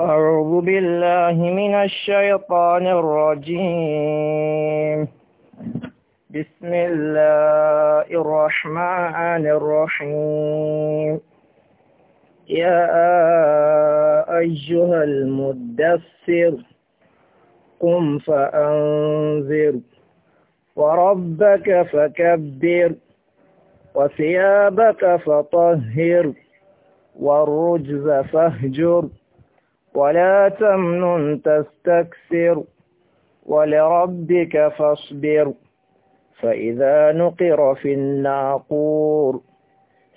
أعوذ بالله من الشيطان الرجيم بسم الله الرحمن الرحيم يا أيها المدثر قم فأنذر وربك فكبر وثيابك فطهر والرجز فاهجر ولا تمنن تستكثر ولربك فاصبر فإذا نقر في الناقور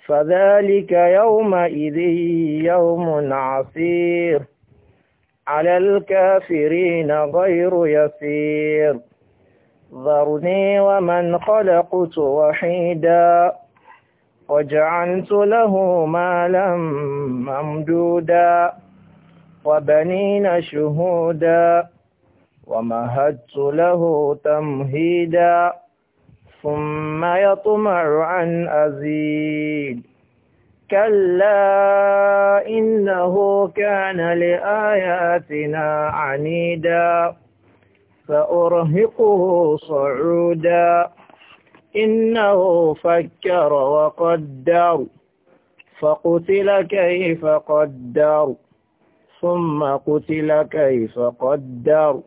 فذلك يومئذ يوم عسير على الكافرين غير يسير ذرني ومن خلقت وحيدا وجعلت له مالا ممدودا وبنين شهودا ومهدت له تمهيدا ثم يطمع عن أزيد كلا إنه كان لآياتنا عنيدا فأرهقه صعودا إنه فكر وقدر فقتل كيف قدر ثم قتل كيف قدر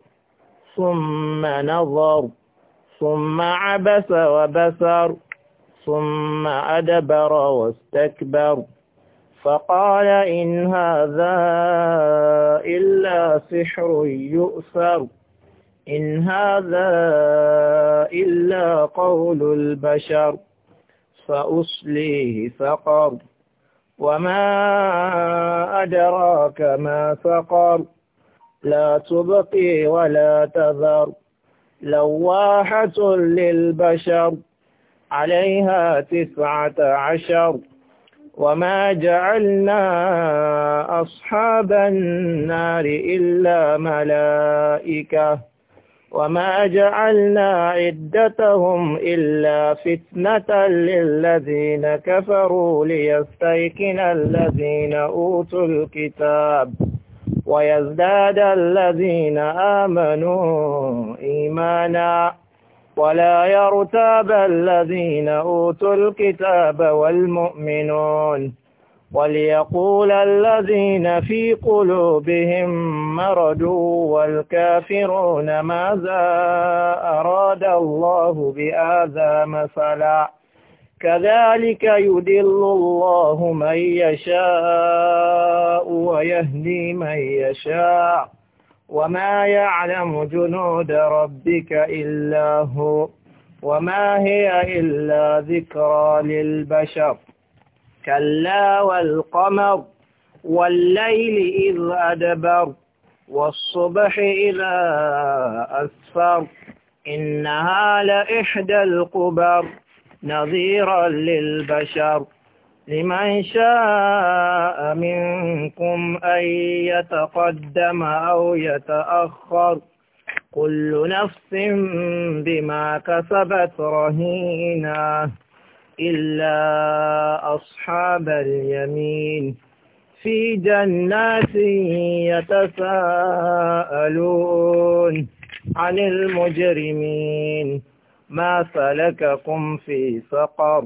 ثم نظر ثم عبس وبسر ثم أدبر واستكبر فقال إن هذا إلا سحر يؤثر إن هذا إلا قول البشر فأصليه فقر وما أدراك ما فقر لا تبقي ولا تذر لواحة للبشر عليها تسعة عشر وما جعلنا أصحاب النار إلا ملائكة وما جعلنا عدتهم إلا فتنة للذين كفروا ليستيقن الذين أوتوا الكتاب ويزداد الذين آمنوا إيمانا ولا يرتاب الذين أوتوا الكتاب والمؤمنون وليقول الذين في قلوبهم مرجوا والكافرون ماذا أراد الله بهذا مثلا كذلك يدل الله من يشاء ويهدي من يشاء وما يعلم جنود ربك إلا هو وما هي إلا ذكرى للبشر كلا والقمر والليل إذ أدبر والصبح إذا أسفر إنها لإحدى القبر نظيرا للبشر لمن شاء منكم أن يتقدم أو يتأخر كل نفس بما كسبت رهينا إلا أصحاب اليمين في جنات يتساءلون عن المجرمين ما سلككم في سقر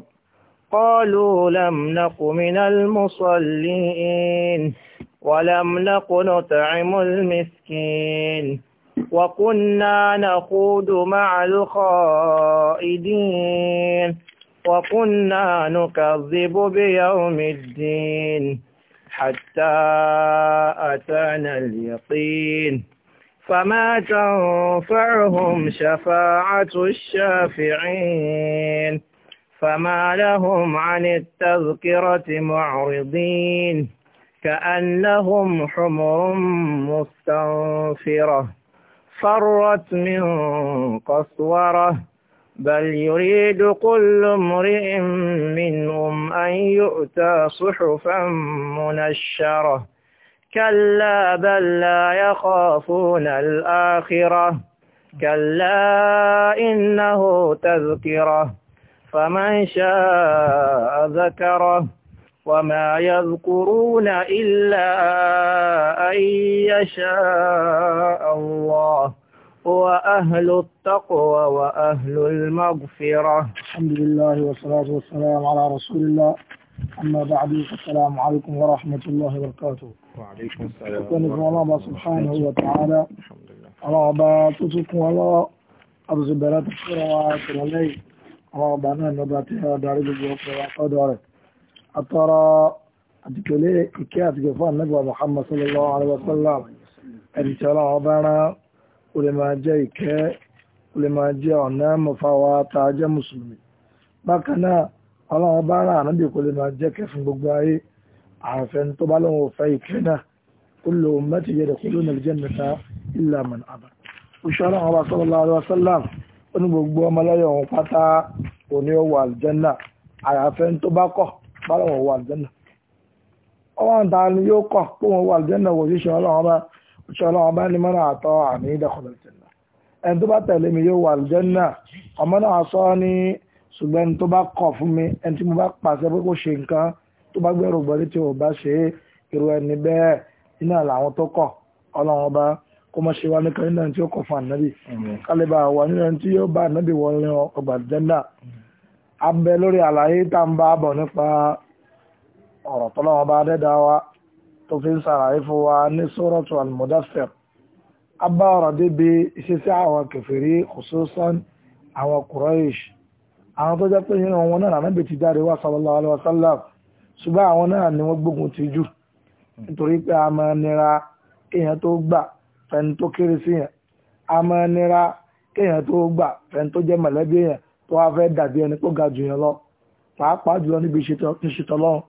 قالوا لم نق من المصلين ولم نق نطعم المسكين وكنا نخوض مع الخائدين وكنا نكذب بيوم الدين حتى أتانا اليقين فما تنفعهم شفاعة الشافعين فما لهم عن التذكرة معرضين كأنهم حمر مستنفرة فرت من قسوره بل يريد كل امرئ منهم أن يؤتى صحفا منشرة كلا بل لا يخافون الآخرة كلا إنه تذكرة فمن شاء ذكره وما يذكرون إلا أن يشاء الله وأهل التقوى وأهل المغفرة الحمد لله والصلاة والسلام على رسول الله أما بعد السلام عليكم ورحمة الله وبركاته وعليكم السلام ورحمة الله سبحانه وتعالى الحمد لله الله تتركم الله أبز بلاد الشرع وعلي الله بنا نباتها داري بجوك وقدرك أترى أتكلي إكيات جفان نبوة محمد صلى الله عليه وسلم أرسل الله بنا ó lè máa jẹ́ ìkẹ́ ó lè máa jẹ́ ọ̀nà mọ̀fáwa ta jẹ́ mùsùlùmí bákan náà ọlọ́run bá rà ànábì kó lè máa jẹ́ kẹ́ fún gbogbo ayé àfẹn tó bá lọ́wọ́ fẹ́ ìkẹ́ náà kullu ummati yadkhuluna al-jannata illa man aba òṣìṣẹ́ ọlọ́run bá sallallahu alaihi wasallam ó ní gbogbo ọmọlẹ́yìn ọ̀hún pátá òní ọwọ́ àlùjẹ́nà àyàfẹ́ tó bá kọ̀ bá lọ́wọ́ àlùjẹ́nà ọwọ́n ta ni yóò kọ̀ pé wọ́n wọ àlùjẹ́nà wọ̀ òṣìṣẹ́ ọlọ́run bá ṣọlá ọba ni mọ́nà àtọ́ àmì ìdẹ́kọ̀lẹ̀ jẹ́nà ẹni tó bá tẹ̀lé mi yóò wà jẹ́nà ọmọ náà sọ ní ṣùgbọ́n ẹni tó bá kọ̀ fún mi ẹni tí mo bá pàṣẹ pé kò ṣe nǹkan tó bá gbẹ̀rù gbọ́dé tí ò bá ṣe irú ẹni bẹ́ẹ̀ iná làwọn tó kọ̀ ọlọ́run ọba kó mọ̀ ṣe wá ní kan nínú tí ó kọ̀ fún ànábì kálíbà wà nínú ẹni tí yóò bá ànábì wọlé ọgbà jẹ́nà abẹ lórí àlàyé tá à ń bá bọ̀ nípa ọ̀rọ̀ tọ́lọ́run ọba adẹ́dáwá tó fi ń sàràyé fún wa ní sóràtù al-Mudaththir abá ọ̀rọ̀ débi ìṣesí àwọn kèfèrí khususan àwọn Quraysh àwọn tó jẹ́ pé nínú wọn náà Ànábì ti jáde wá sallallahu alaihi wasallam ṣùgbọ́n àwọn náà ni wọ́n gbógun ti jù nítorí pé a máa nira kéèyàn tó gbà fẹ́ni tó kéré sí yẹn a máa nira kéèyàn tó gbà fẹ́ni tó jẹ́ mọ̀lẹ́bí yẹn tó wá fẹ́ dàbí ẹni tó ga jù yẹn lọ pàápàá jùlọ níbi ìṣètọ́lọ́run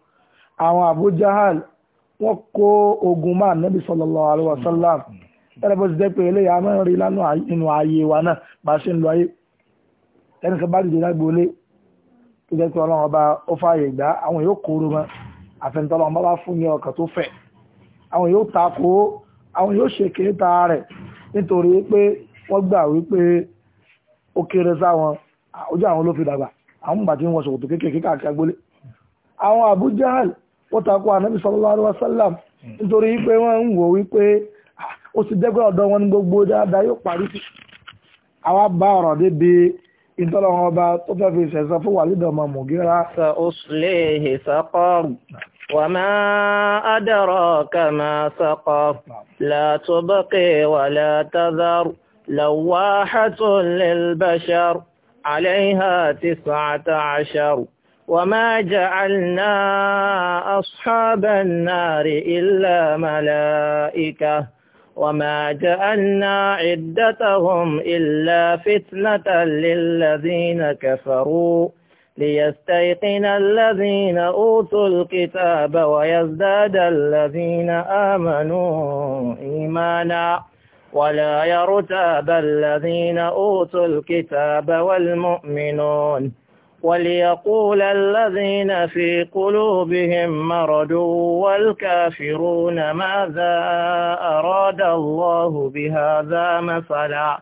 àwọn Abu Jahal wọ́n kó ogun máa nẹ́bí sallallahu alaihi wasallam tẹ́lẹ̀ bó ti jẹ́ pé eléyà máa ń rí lánàá inú ayé wa náà bá ṣe ń lọ ayé ẹni kan bá dìde lágbóolé tó jẹ́ pé ọlọ́run ọba ó fààyè gbá àwọn yóò kóró mọ́ àfẹnitọ́lọ́ ọba bá fún ní ọkàn tó fẹ̀ àwọn yóò takò àwọn yóò ṣe kéta rẹ̀ nítorí pé wọ́n gbà wípé ó kéré sáwọn ojú àwọn ló fi dàgbà àwọn bàtí ń wọ ṣòkòtò wọ́n takò ànábì sallallahu alaihi wasallam hmm. nítorí pé wọ́n ń wò wípé ó ti dẹ́gbẹ́ ọ̀dọ́ wọn ní gbogbo dáadáa yóò parí sí àwa bá ọ̀rọ̀ débi ìtọ́lọ́wọ́n ọba tó fẹ́ fi ṣẹ̀sán fún wàlídà ọmọ mùgíra. sa uslihi saqar wa ma adraka ma saqar la tubqi wa la tadhar lawahatun lil bashar alayha tis'ata وما جعلنا أصحاب النار إلا ملائكة وما جعلنا عدتهم إلا فتنة للذين كفروا ليستيقن الذين أوتوا الكتاب ويزداد الذين آمنوا إيمانا ولا يرتاب الذين أوتوا الكتاب والمؤمنون وليقول الذين في قلوبهم مرض والكافرون ماذا أراد الله بهذا مثلا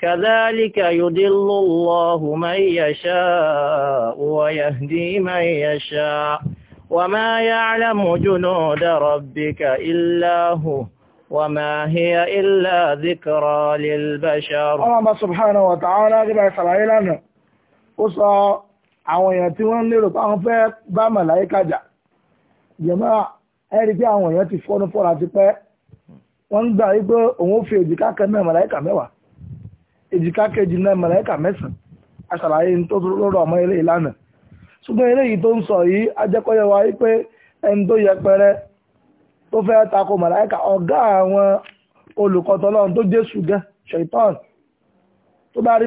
كذلك يدل الله من يشاء ويهدي من يشاء وما يعلم جنود ربك إلا هو وما هي إلا ذكرى للبشر الله سبحانه وتعالى قبل صلى الله عليه وسلم àwọn èèyàn tí wọ́n ń lérò pé àwọn fẹ́ bá màláíkà kájà jẹ̀mọ́ ẹ̀rí pé àwọn èèyàn ti fọ́nú fọ́ra ti pẹ́ wọ́n ń gbà wípé òun ó fi èjìká kan náà mẹ́wàá èjìká kejì náà màláíkà mẹ́sàn-án aṣàlàyé tó ọmọ ilé ìlànà ṣùgbọ́n eléyìí tó ń sọ yìí ajẹ́kọ́yẹ wa wípé ẹni tó tó tako ọ̀gá àwọn olùkọ́tọ́lọ́run tó jésù ṣèitán tó bá rí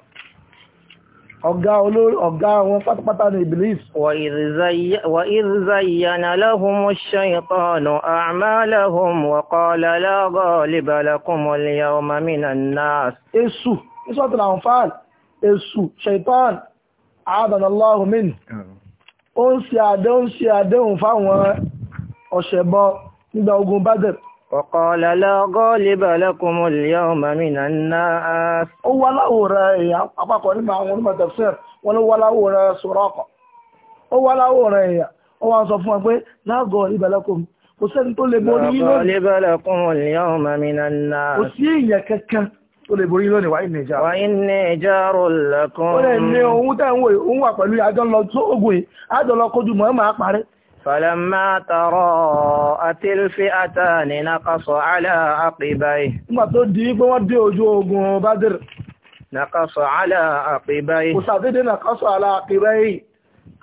ọ̀gá olórí ọ̀gá wọn pátápátá ní Iblis. wà ìrìzàyànà lọ́hùn ṣẹ́yìnkọ́nù àmàlẹ́hùn wọ̀kọ́lẹ̀ lọ́gọ́ libalakumọ̀lẹ́yà ọmọ mìíràn náà. Èṣù ìṣọ́tún àwọn fáàlì Èṣù ṣẹ̀tán àádọ́nàláhùn mìn ó ń ṣe وقال لا غالب لكم اليوم من الناس هو لاورا اباكو نبا اون ما تفسير ولا ولا اورا سراقه هو لاورا يا هو sọ fún pé لا غالب لكم kò sẹ́ni tó lè borí yín lónìí. غالب لكم اليوم من الناس kò sí èèyàn kankan tó lè borí yín lónìí wàá ìnìjà. wàá ìnìjà rò lẹ́kùn. ó lè ní ohun tẹ́ ń wò ó ń wà pẹ̀lú àjọ lọ sóògùn yìí àjọ lọ kojú mọ́ ẹ máa parẹ́. فلما تراءت الفئتان نقص على عقبيه ما تدي بو دي ojú ogun Badr نقص على عقبيه وسادد نقص على عقبيه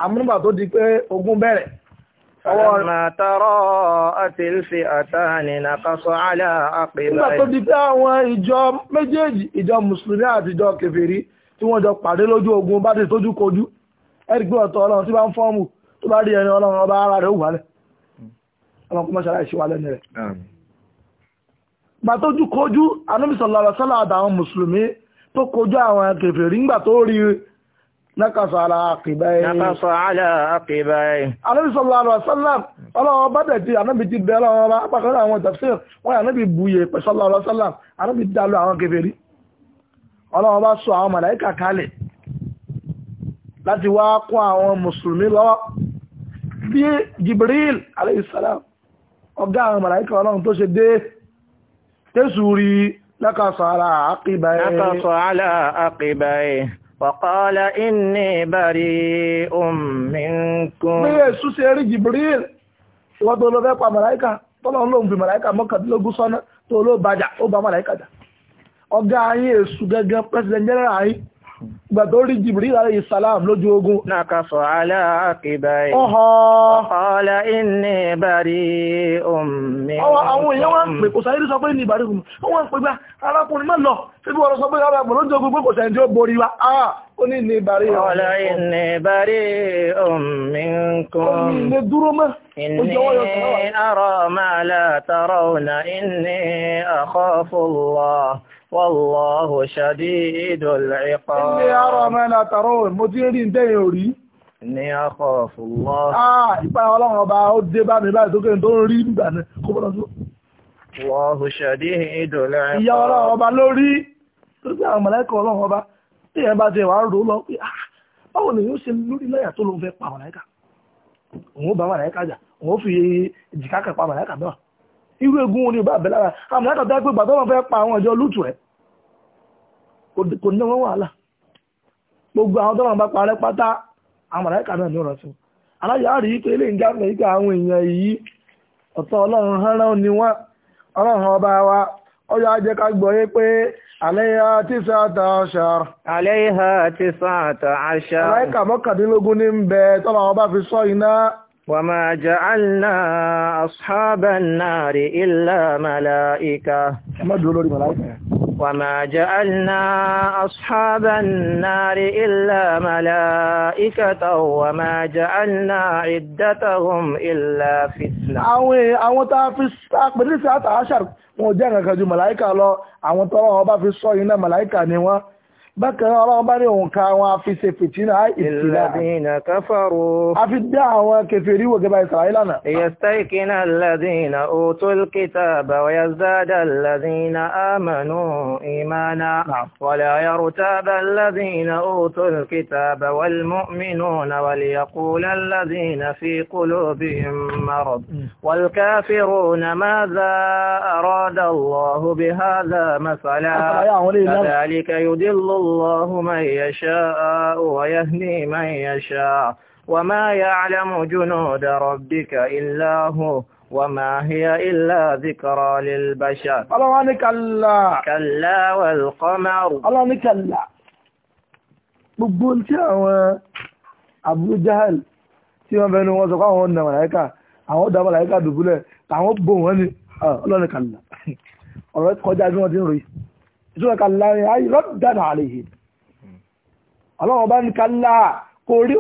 amru ma tó di pé ogun bẹ̀rẹ̀ فلما تراءت الفئتان نقص على عقبيه ma tó di pé àwọn ìjọ méjèèjì ìjọ muslimi àti ìjọ kèfèrí tí wọ́n jọ pàdé lójú ogun Badr tójú kojú ẹ rí pé ọ̀tọ̀ Ọlọ́run tí bá ń fọ́ọ̀mù tó bá rí ẹni ọlọ́run ọba ara rẹ̀ wà lẹ̀ ọlọ́run kó mọ́ṣáláì ṣe wà lẹ́nu rẹ̀ gbà tó jú kojú Ànábì sallallahu alaihi wasallam àtàwọn mùsùlùmí tó kojú àwọn kèfèrí ńgbà tó rí nákàsọ̀ ara àkìbáyé nákàsọ̀ ara àkìbáyé Ànábì sallallahu alaihi wasallam ọlọ́wọ́ buye pẹ̀ sallallahu alaihi wasallam ànábì dálọ àwọn kèfèrí ọlọ́wọ́ bá sọ àwọn màláíkà kalẹ̀ láti wá kún àwọn mùsùlùmí lọ́wọ́ bí Jibril aleyhisselam ọgá àwọn màláíkà ọlọ́run tó ṣe dé tẹ́sù rí lákàsọ̀ ala àkíbáyé lákàsọ̀ ala àkíbáyé wàkọ́lá inní bari ominkun bí èsù ṣe rí Jibril ìwọ́n tó lọ fẹ́ pa màláíkà tọ́lọ́run ìgbà tó rí Jibril alayhi salam lójú ogun nakaso aláàkìbáyé ọ̀họ́ ọ̀họ́lá inú ìbárí omi àwọn èèyàn wọ́n ń pè kò sáyé sọ pé ní ìbárí omi wọ́n ń pè gbá arákùnrin mọ́ lọ sí bí wọ́n sọ pé arákùnrin lójú ogun pé kò sẹ́ni tí ó borí wa ó ní ní ìbárí omi inni arọ́ máa Wallahu shadidul iqab. Ní àrọ̀ ọmọ ẹ̀lá tàrọ mo ti rí ń tẹ́yìn orí. Ní akọ̀ fùlọ́. Ah, ìpá ọlọ́run ọba ó dé bá mi báyìí tókè tó ń rí nígbà náà kó bọ́dọ̀ tó. Wallahu shadidul iqab. Ìyá ọlọ́run ọba lórí. Tó gbé àwọn mọ̀lẹ́kọ̀ ọlọ́run ọba. Tí ẹ bá irú egun wọn ni ìbá bẹ̀ lára àmọ́ ẹ̀tọ́ tẹ́ pé gbà fẹ́ pa àwọn ìjọ lútù ẹ̀ kò ní wọ́n wàhálà gbogbo àwọn tó wọ́n bá parẹ́ pátá na màláìka náà ní ọ̀rọ̀ sí aláyà rí pé ilé ìjà pé ìgbà àwọn èèyàn yìí ọ̀tọ̀ ọlọ́run ọba wa ajẹ́ ká gbọ́ yé pé àlẹ́yà àlẹ́yà ní ń bẹ ọba fi وما جعلنا أصحاب النار إلا ملائكة وما جعلنا أصحاب النار إلا ملائكة وما جعلنا عدتهم إلا فتنة àwọn tá fi pẹ̀lú sí àtàṣà wọn jẹ́ ǹkan ju màláíkà lọ àwọn tọ́lọ́wọ́ bá fi sọ iná màláíkà ni bákan ọlọ́run bá ní òun ka àwọn afisẹ̀ fìtínà ìsìlá ìlàdínà káfàrò a fi dá àwọn kèfèrí wò gẹba ìsàrà ìlànà ìyẹ̀stẹ́kínà ìlàdínà ó tó kíta bàwáyà zádà ìlàdínà àmànú ìmánà wàlẹ̀ ayárùtàbà ìlàdínà ó tó kíta bàwálmọ́mínú na wàlẹ̀yàkúlà ìlàdínà fi kúlóbi marad والكافرون ماذا أراد الله بهذا مثلا كذلك يدل الله الله من يشاء ويهدي من يشاء وما يعلم جنود ربك إلا هو وما هي إلا ذكرى للبشر الله كلا كلا والقمر الله كلا gbogbo tí àwọn Abu Jahal tí wọ́n bẹnu wọ́n sọ pé àwọn ọ̀nà màláíkà àwọn ọ̀dà màláíkà dùbúlẹ̀ àwọn bò wọ́n ni ah, ọlọ́nìkàlà ọ̀rọ̀ kọjá bí wọ́n ti ń ròyìn ìṣúra kàlá rẹ̀ ayé rọ́dànà àlèyé ọlọ́wọ́ bá ní kàlá kò rí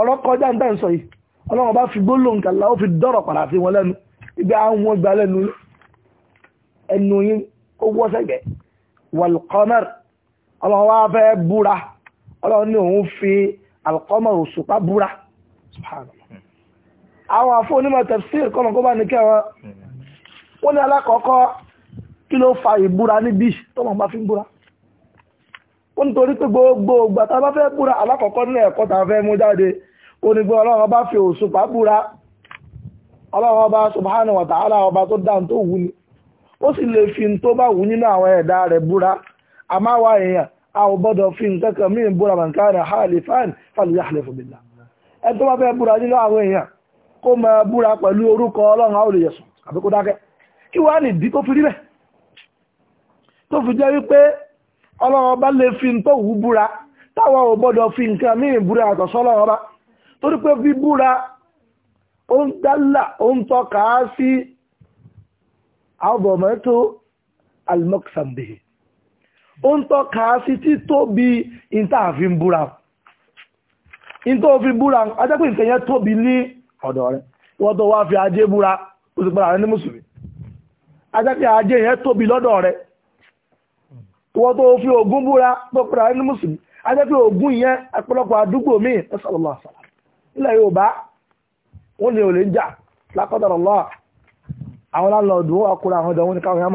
ọ̀rọ̀ kọjá ń tàn sọ yìí ọlọ́wọ́ bá fi gbólóhùn kàlá ó fi dọ́rọ̀ padà sí wọn lẹ́nu ibi àwọn ọgbà lẹ́nu ẹnu yín ó wọ́ sẹ́gẹ̀ wàlùkọ́mẹ́r ọlọ́wọ́ bá fẹ́ búra ọlọ́wọ́ ní òun fi àlùkọ́mẹ́r òṣùpá búra àwọn àfọ onímọ̀ tẹ̀síìr kọ́nà kó bá ní kẹwọn ó hmm. ní alákọ̀ọ́kọ́ kí ló fa ìbúra ní bí tọ́mọ̀ bá fi ń búra ó ń torí pé gbogbo ìgbà tá bá fẹ́ búra alákọ̀ọ́kọ́ ní ẹ̀kọ́ tá fẹ́ mú jáde ó ní pé ọlọ́run bá fi òṣùpá búra ọlọ́run bá subhanahu wa ta'ala ọba tó dá tó wù ní ó sì lè fi tó bá wù nínú àwọn ẹ̀dá rẹ̀ búra àmọ́ àwa èèyàn a ò gbọ́dọ̀ fi nǹkan mí búra mọ̀nkárẹ̀ halifan falyahlif billah ẹ tó bá fẹ́ búra nínú àwọn èèyàn kó máa búra pẹ̀lú orúkọ ọlọ́run àwọn olùyẹ̀sùn àbí kó dákẹ́ kí wàá nìdí tó fi rí bẹ́ẹ̀ tó fi jẹ́ wípé ọba lè fi tó wù búra táwa ò fi nǹkan míì búra àtọ̀ sọ́lọ́run ọba torí pé bíbúra ó ń dálà ó ń tọ́ka sí àbọ̀mọ́tò almoxambe ó ń tọ́ka sí títóbi ìtààfin búra fi búra ajẹ́pẹ́ tóbi ní ọ̀dọ̀ rẹ̀ wọ́n tó wá fi ajé búra ó sì rẹ̀ ní mùsùlùmí wọ́n tó fi ogun búra pọ̀pọ̀ra ẹni mùsùlùmí ajẹ́ pé ogun yẹn ọ̀pọ̀lọpọ̀ àdúgbò míì ẹ̀sọ̀lọ́lọ́ àṣàlá ilẹ̀ yorùbá wọ́n ní olè ń jà lákọ́dọ̀rọ̀ lọ́wọ́ àwọn láńlọ́ọ̀dù wọn àwọn wọn ni káwọn kọjá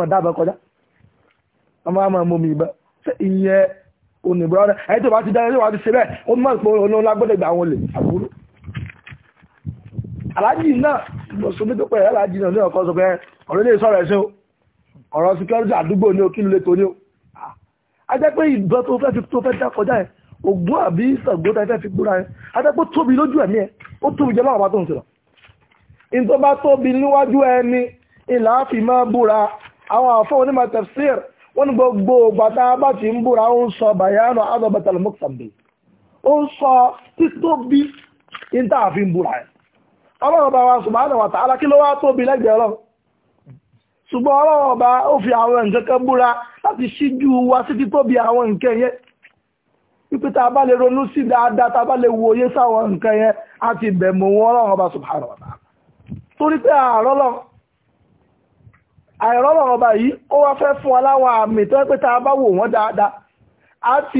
máa ìyẹn ọ̀rọ̀ ajẹ́pẹ́ ìbọn tó fẹ́ fi tó fẹ́ dá kọjá ẹ̀ ògùn àbí ìsàgbóta fẹ́ fi gbóra ẹ̀ ajẹ́pẹ́ tóbi lójú ẹ̀mí ẹ̀ ó tóbi jẹ́ láwọn bá tó ń sọ̀rọ̀ in tó bá tóbi níwájú ẹni ìlà á fi máa búra àwọn àfọ́ onímọ̀ tafsir wọ́n ní gbogbo bàtà bá ti ń búra ó ń sọ bayanu adọ́bẹ̀tà lọ́mọ́kànbé a fi ń ṣùgbọ́n ọlọ́wọ́ ọba ó fi àwọn nǹkan kan búra láti ṣíjú wa sí títóbi àwọn nǹkan yẹn wípé tá a bá lè ronú sí dáadáa tá a bá lè wòye sáwọn nǹkan yẹn á ti bẹ̀mọ̀ wọn ọlọ́wọ́ wa ta'ala torí pé àrọ́lọ́ àìrọ́lọ́ ọba yìí ó wá fẹ́ fún bá wò wọ́n dáadáa á ti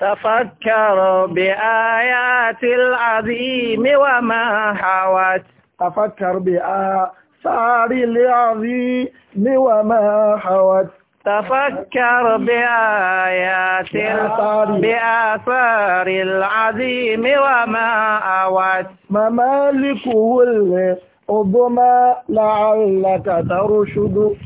تفكروا بآيات العظيم وما حوت تفكر بآثار العظيم وما حوت تفكر بآيات بآثار العظيم وما أوت ممالكه العظمى لعلك ترشد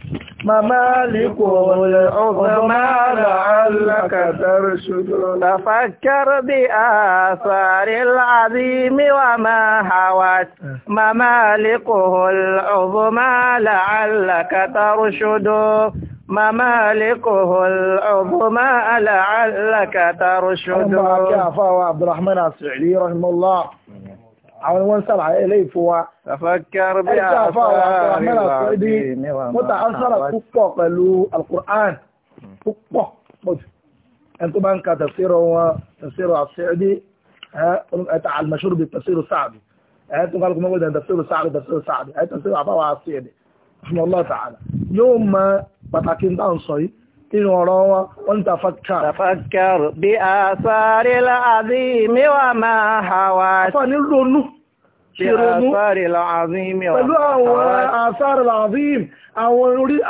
ممالك العظمى لعلك ترشد تفكر بآثار العظيم وما حوت ممالكه العظمى لعلك ترشد ممالكه العظمى لعلك ترشد. الله عبد الرحمن السعدي رحمه الله àwọn wọn sábà eléyìí fún wa. tafakar bí àfáàrí mọ́ta asara púpọ̀ pẹ̀lú alukur'an púpọ̀ pọ̀jù ẹni tó bá ń ka tafsir wọn tafsir àṣẹ́dí ẹ̀ta àlùmọ̀ṣọ́rù bí tafsir sáàbì ẹ̀yẹ́ tó kálukú mọ́gbọ́dọ̀ ní tafsir sáàbì tafsir sáàbì ẹ̀yẹ́ tafsir àbáwá àṣẹ́dí fún ọlọ́ọ̀tà àlà yóò mọ pàtàkì ń dáhùn sọ yìí nínú ọ̀rọ̀ wọn wọ́n ń tafakà. tafakàrù bí a sáré láàbí mẹ́wàá máa hàwà. àfọ̀ ní ronú ṣèrònú pẹ̀lú àwọn àsáré láàbí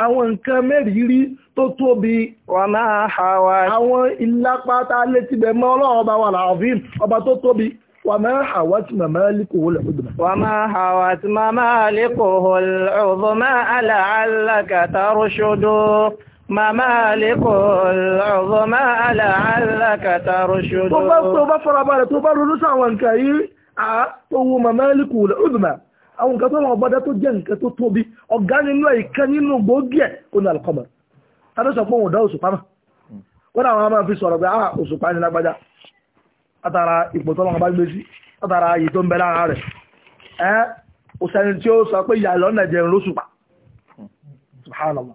àwọn nǹkan mẹ́rìírí tó tóbi. wọ́n máa hàwà. àwọn ìlápátá létí bẹ̀ mọ́ ọlọ́run ọba wà láàbí ọba tó tóbi. وما حوت ممالكه العظمى وما حوت ممالكه العظمى لعلك ترشد màmáàlékò ọ̀rọ̀ máa làálàkàtà rọ̀ṣọ́dọ̀. tó bá tó bá farabalẹ̀ tó bá ronú sáwọn nǹkan yìí à tó wu màmáàlékò ọ̀dùnmá àwọn nǹkan tó wọn bọ́dá tó jẹ́ nǹkan wọ́n àwọn máa fi sọ̀rọ̀ pé à ah, òṣùpá ní lágbájá látara ipò bá gbé sí látara ààyè ń bẹ lára rẹ̀ ẹ́ òṣèlú tí ó sọ pé ìyàlọ́ nàìjẹ̀rún lóṣùpá subhanallah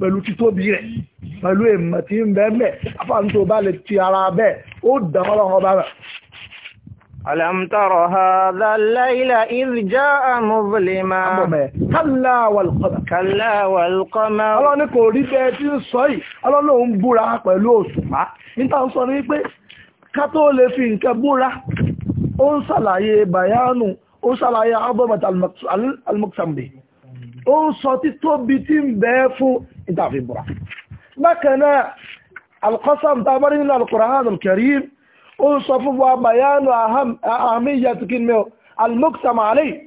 pẹ̀lú títóbi rẹ̀ pẹ̀lú èèmọ̀ tí ń bẹ́ẹ̀ mẹ́ afáàní tó bá lè ti ara bẹ́ẹ̀ ó dàn ọlọ́run ọba rẹ̀. alam tara hadha al-layla idh jaa muzlima. kalla wal qamar. kalla kò rí bẹ́ẹ̀ tí ń sọ yìí ọlọ́run lòún búra pẹ̀lú òṣùpá níta ń sọ ní pé ká lè fi nǹkan búra ó ń ṣàlàyé bayanu ó ń ṣàlàyé abọ́mọ̀tà ó ń sọ títóbi tí ń bẹ́ẹ̀ fún ìtàfi búra bákan náà alqasam tá a bá rí nínú al-Qur'an al-Karim ó ń sọ fún wa bayanu ahamiya tukin meo al-muqsam alay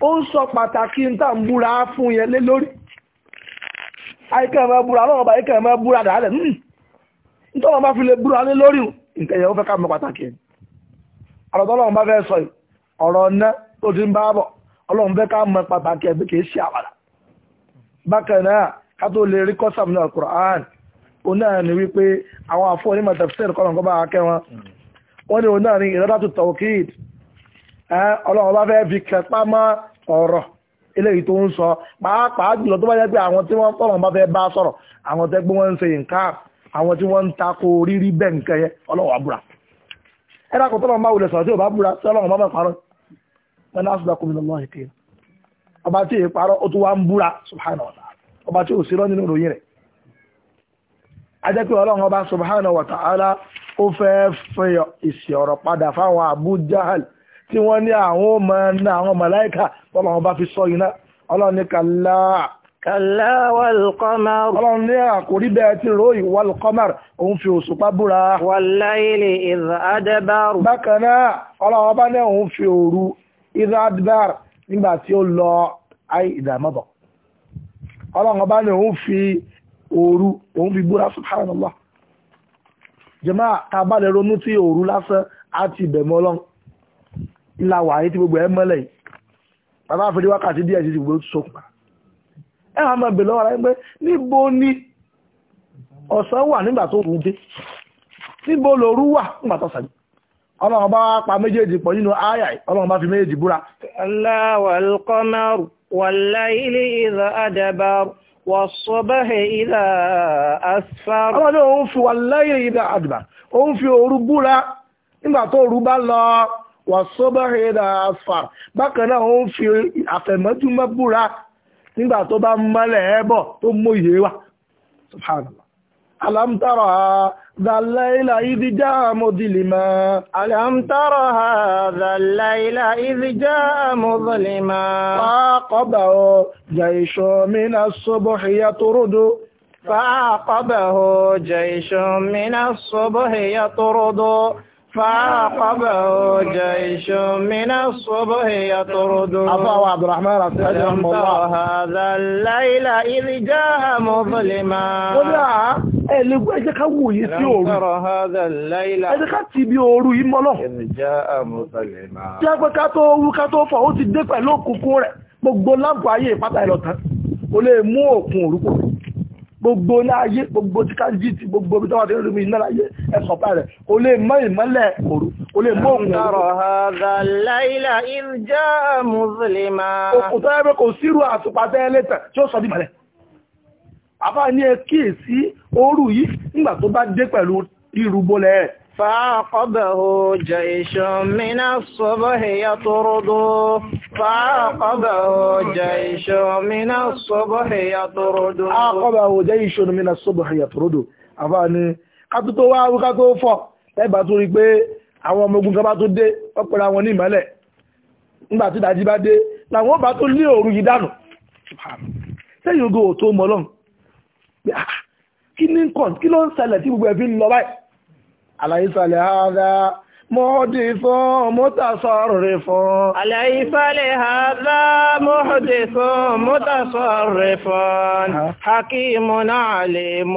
ó ń pàtàkì ń tà ń búra fún yẹn lé lórí àìkẹ́ ẹ̀mọ́ búra lọ́wọ́ bá àìkẹ́ ẹ̀mọ́ fi ká tó lè rí kọ́sàm náà Qur'an òun náà ni wípé àwọn àfọ onímọ̀ tafsir kọ́nà kọ́ bá akẹ́ wọn wọ́n ní òun náà ni ìrọ́dàtú tawkid ọlọ́run bá fẹ́ fi kẹpá mọ́ ọ̀rọ̀ eléyìí tó ń sọ pàápàá jùlọ tó bá jẹ́ pé àwọn tí wọ́n tọ̀rọ̀ bá fẹ́ bá sọ̀rọ̀ àwọn tẹ́ pé wọ́n ń ṣe nǹkan àwọn tí wọ́n ń tako rírí bẹ́ẹ̀ nǹkan yẹn ọlọ́run ọba tí ò sí rọ́ nínú ìròyìn rẹ̀ ajẹ́ pé ọlọ́run ọba subhanahu wa ta'ala ó fẹ́ fẹ́ ìsì ọ̀rọ̀ padà fáwọn Abu Jahal tí wọ́n ní àwọn ọmọ náà àwọn màláíkà ọlọ́run ọba fi sọ iná ọlọ́run ní kàlá kàlá wàlùkọ́mọ́r ọlọ́run ní àkórí bẹ́ẹ̀ tí ròyìn wàlùkọ́mọ́r òun fi òṣùpá búra wàláìlì ìdá ìdá adẹ́bàrù ọlọ́run ọba ní òun fi òru òun fi búra subhanallah jẹ́mọ́ tábàlẹ̀ ronú tí òru lásán á ti bẹ̀mọ́ ọlọ́run ìlà wàáyé tí gbogbo ẹ̀ mọ́lẹ̀ yìí bàbá àfẹ́dé wákàtí díẹ̀ sí ti gbogbo sókùnà ẹ wàá máa bèèrè lọ́wọ́ ara níbo ni ọ̀sán wà nígbà tó rú dé níbo lòru wà nígbà tó sàgbé ọlọ́run bá pa méjèèjì pọ̀ nínú ááyà ọlọ́run bá fi méjèèjì búra. والليل إذا أدبر والصبح إذا أسفر ọlọ́dún òun fi والليل إذا أدبر òun fi òru búra nígbà tó bá lọ والصبح إذا أسفر bákan náà òun fi àfẹ̀mọ́júmọ́ búra nígbà tó bá mọ́lẹ̀ ẹ́ tó mú ìyé subhanallah ألم ترى ذا الليل إذ جاء مظلما ألم ترى هذا الليل إذ جاء مظلما فعقبه جيش من الصبح يطرد فعقبه جيش من الصبح يطرد فعقبه جيش من الصبح يطرد أفاو عبد الرحمن رحمه الله هذا الليل إذ جاء مظلما ẹ̀lẹ́gbẹ́ ẹjẹ́ ká wòye sí òru ẹjẹ́ ká ti bí òru yìí mọ́lọ̀ tí a pẹ́ ká tó wú ká tó fọ̀ ó ti dé pẹ̀lú òkùnkùn rẹ̀ gbogbo láǹpù ayé ìpátá ìlọ̀tán ó lè mú òkun òru kò gbogbo láyé gbogbo tí ká jí ti gbogbo ibi tọ́wọ́ tí ó rí láyé ẹ̀sọ̀ pa rẹ̀ ó lè mọ́ ìmọ́lẹ̀ òru ó lè mọ́ òun òru. ọ̀hádà láìla ìjà mùsùlùmá. òkùtọ́ ẹgbẹ́ kò sírù àtùpàtẹ́ ẹlẹ́tàn tí ó sọ di mọ́lẹ̀. àbá ní ẹ kíyèsí òru yìí nígbà tó bá dé pẹ̀lú ìrúbọlẹ̀ rẹ̀. فعقبه جيش من الصبح يطرد فعقبه جيش من الصبح يطرد عقبه جيش من الصبح يطرد àfáàní tó wá wí kátó àwọn ọmọ ogun kan tó dé ọpẹ̀rẹ̀ àwọn ní ìmọ́lẹ̀ nígbà tí ìdájí bá dé làwọn tó òru yìí dànù ò tó Ah, kí ló ń ṣẹlẹ̀ tí gbogbo ẹ̀ fi ń lọ báyìí àlàyé sàlẹ̀ ààrẹ محدث متصرف أليس لهذا محدث متصرف حكيم عليم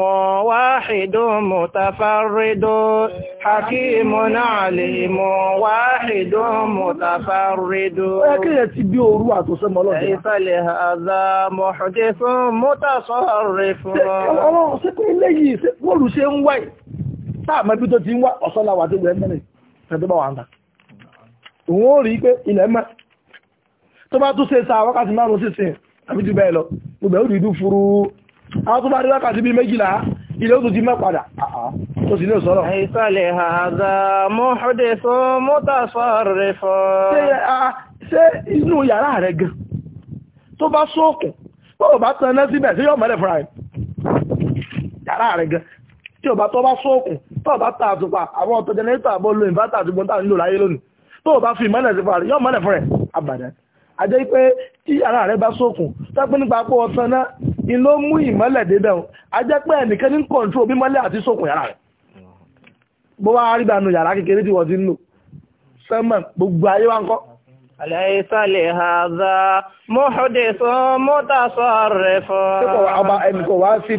واحد متفرد حكيم عليم واحد متفرد أليس لهذا محدث متصرف ọlọ́run ṣe pé léyìí bọ́ọ̀lù ṣe ń wáyé táàmọ́ ibi tó ti ń wá ọ̀sán làwọn àti ìgbẹ̀rẹ̀ mẹ́rin ẹ̀dọ́bà wà ń ta òun ó rí pé ilẹ̀ mọ́ tó bá tún ṣe sa wákàtí márùn sísìn àbí jù bẹ́ẹ̀ lọ gbogbo ẹ̀rù dúdú furu àwọn tó bá rí wákàtí bíi méjìlá ilẹ̀ òtún ti mọ́ padà tó sì ní òsọ́rọ̀. ṣé inú yàrá rẹ̀ gan tó bá sóòkùn bọ́ọ̀ bá tan náà síbẹ̀ sí yóò mọ́lẹ̀ fúnra rẹ̀ yàrá rẹ̀ gan tí ò bá tọ́ bá sóòkùn tó o bá ta àtùpà àwọn ọ̀tọ̀ jẹnẹrétọ̀ àbọ̀ lo ìnvátà àti gbọ́ntà nílò láyé lónìí tó o bá fi ìmọ̀lẹ̀ sí fún rẹ̀ yóò mọ̀lẹ̀ fún rẹ̀ àbàdàn àjẹ́ pé tí ara rẹ̀ bá sókun tẹ́pẹ́ nípa pé ọ̀tán náà in ló mú ìmọ̀lẹ̀ débẹ̀ o àjẹ́ pé ẹnìkan ní kọ̀ǹtró bí mọ́lẹ̀ àti sókun yàrá rẹ̀ bó wá rí dànù yàrá kékeré tí wọ́n ti ń lò sẹ́mọ̀ gbogbo ayé wa ń kọ́ أليس لهذا محدث متصرف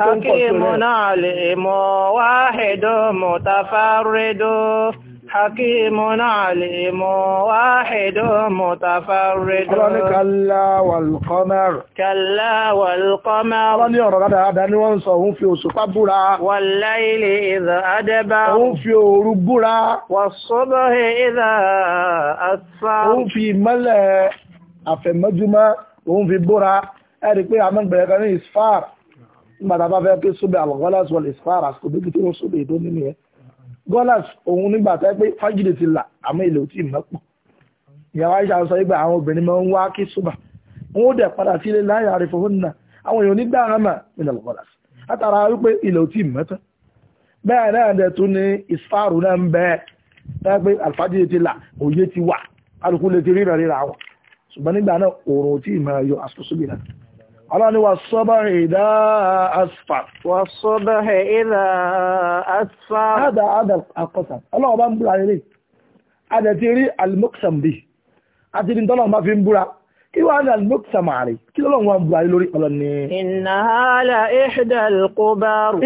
حكيم عليم واحد متفرد حكيم عليم واحد متفرد قال كلا والقمر كلا والقمر قال يا رب هذا ni wọ́n sọ òun fi òṣùpá búra والليل إذا أدبر òun fi òru búra والصبح إذا أسفر òun fi ìmọ́lẹ̀ àfẹ̀mọ́júmọ́ òun fi búra ẹ rí pé àmọ́ bẹ̀rẹ̀ kan ní isfar nígbà tá a bá fẹ́ pé sóbẹ̀ àlọ́gọ́lá sọ isfar àsìkò bí kí tó ń sóbẹ̀ ìdó nínú yẹn Golas òun nígbà tó pé fájìlì ti là àmọ́ ilẹ̀ ò tí ì mọ́pọ̀ ìyàwó Aisha sọ pé àwọn obìnrin máa ń wá kí ṣùgbà wọn ó dẹ̀ padà sí ilé láyà àrífọ̀húnnà àwọn èèyàn nígbà rámà nílẹ̀ Golas látara wípé ilẹ̀ ò tí ì mọ́tán bẹ́ẹ̀ náà dẹ̀ tún ní ìsfàrù náà ń bẹ́ẹ̀ tẹ́ pé àlùfájìlì ti là òye ti wà alùpùpù lè ti ríra ríra wọn ṣùgbọ́n nígbà náà òòrùn ò tí ì máa yọ àsìkò aláni wà sọ́bàrì ìdá asfà wà sọ́bàrì ìdá asfà ádá ádá àkọsà ọlọ́wọ́ bá ń búra rẹ̀ adẹ̀ ti rí alimoksam bí àti ní tọ́lọ̀ bá fi ń búra kí wọ́n ní alimoksam àrí kí lọ́lọ́ wọn búra rẹ̀ lórí ọlọ́ni. iná hálà ìṣẹ̀dá kóbárù.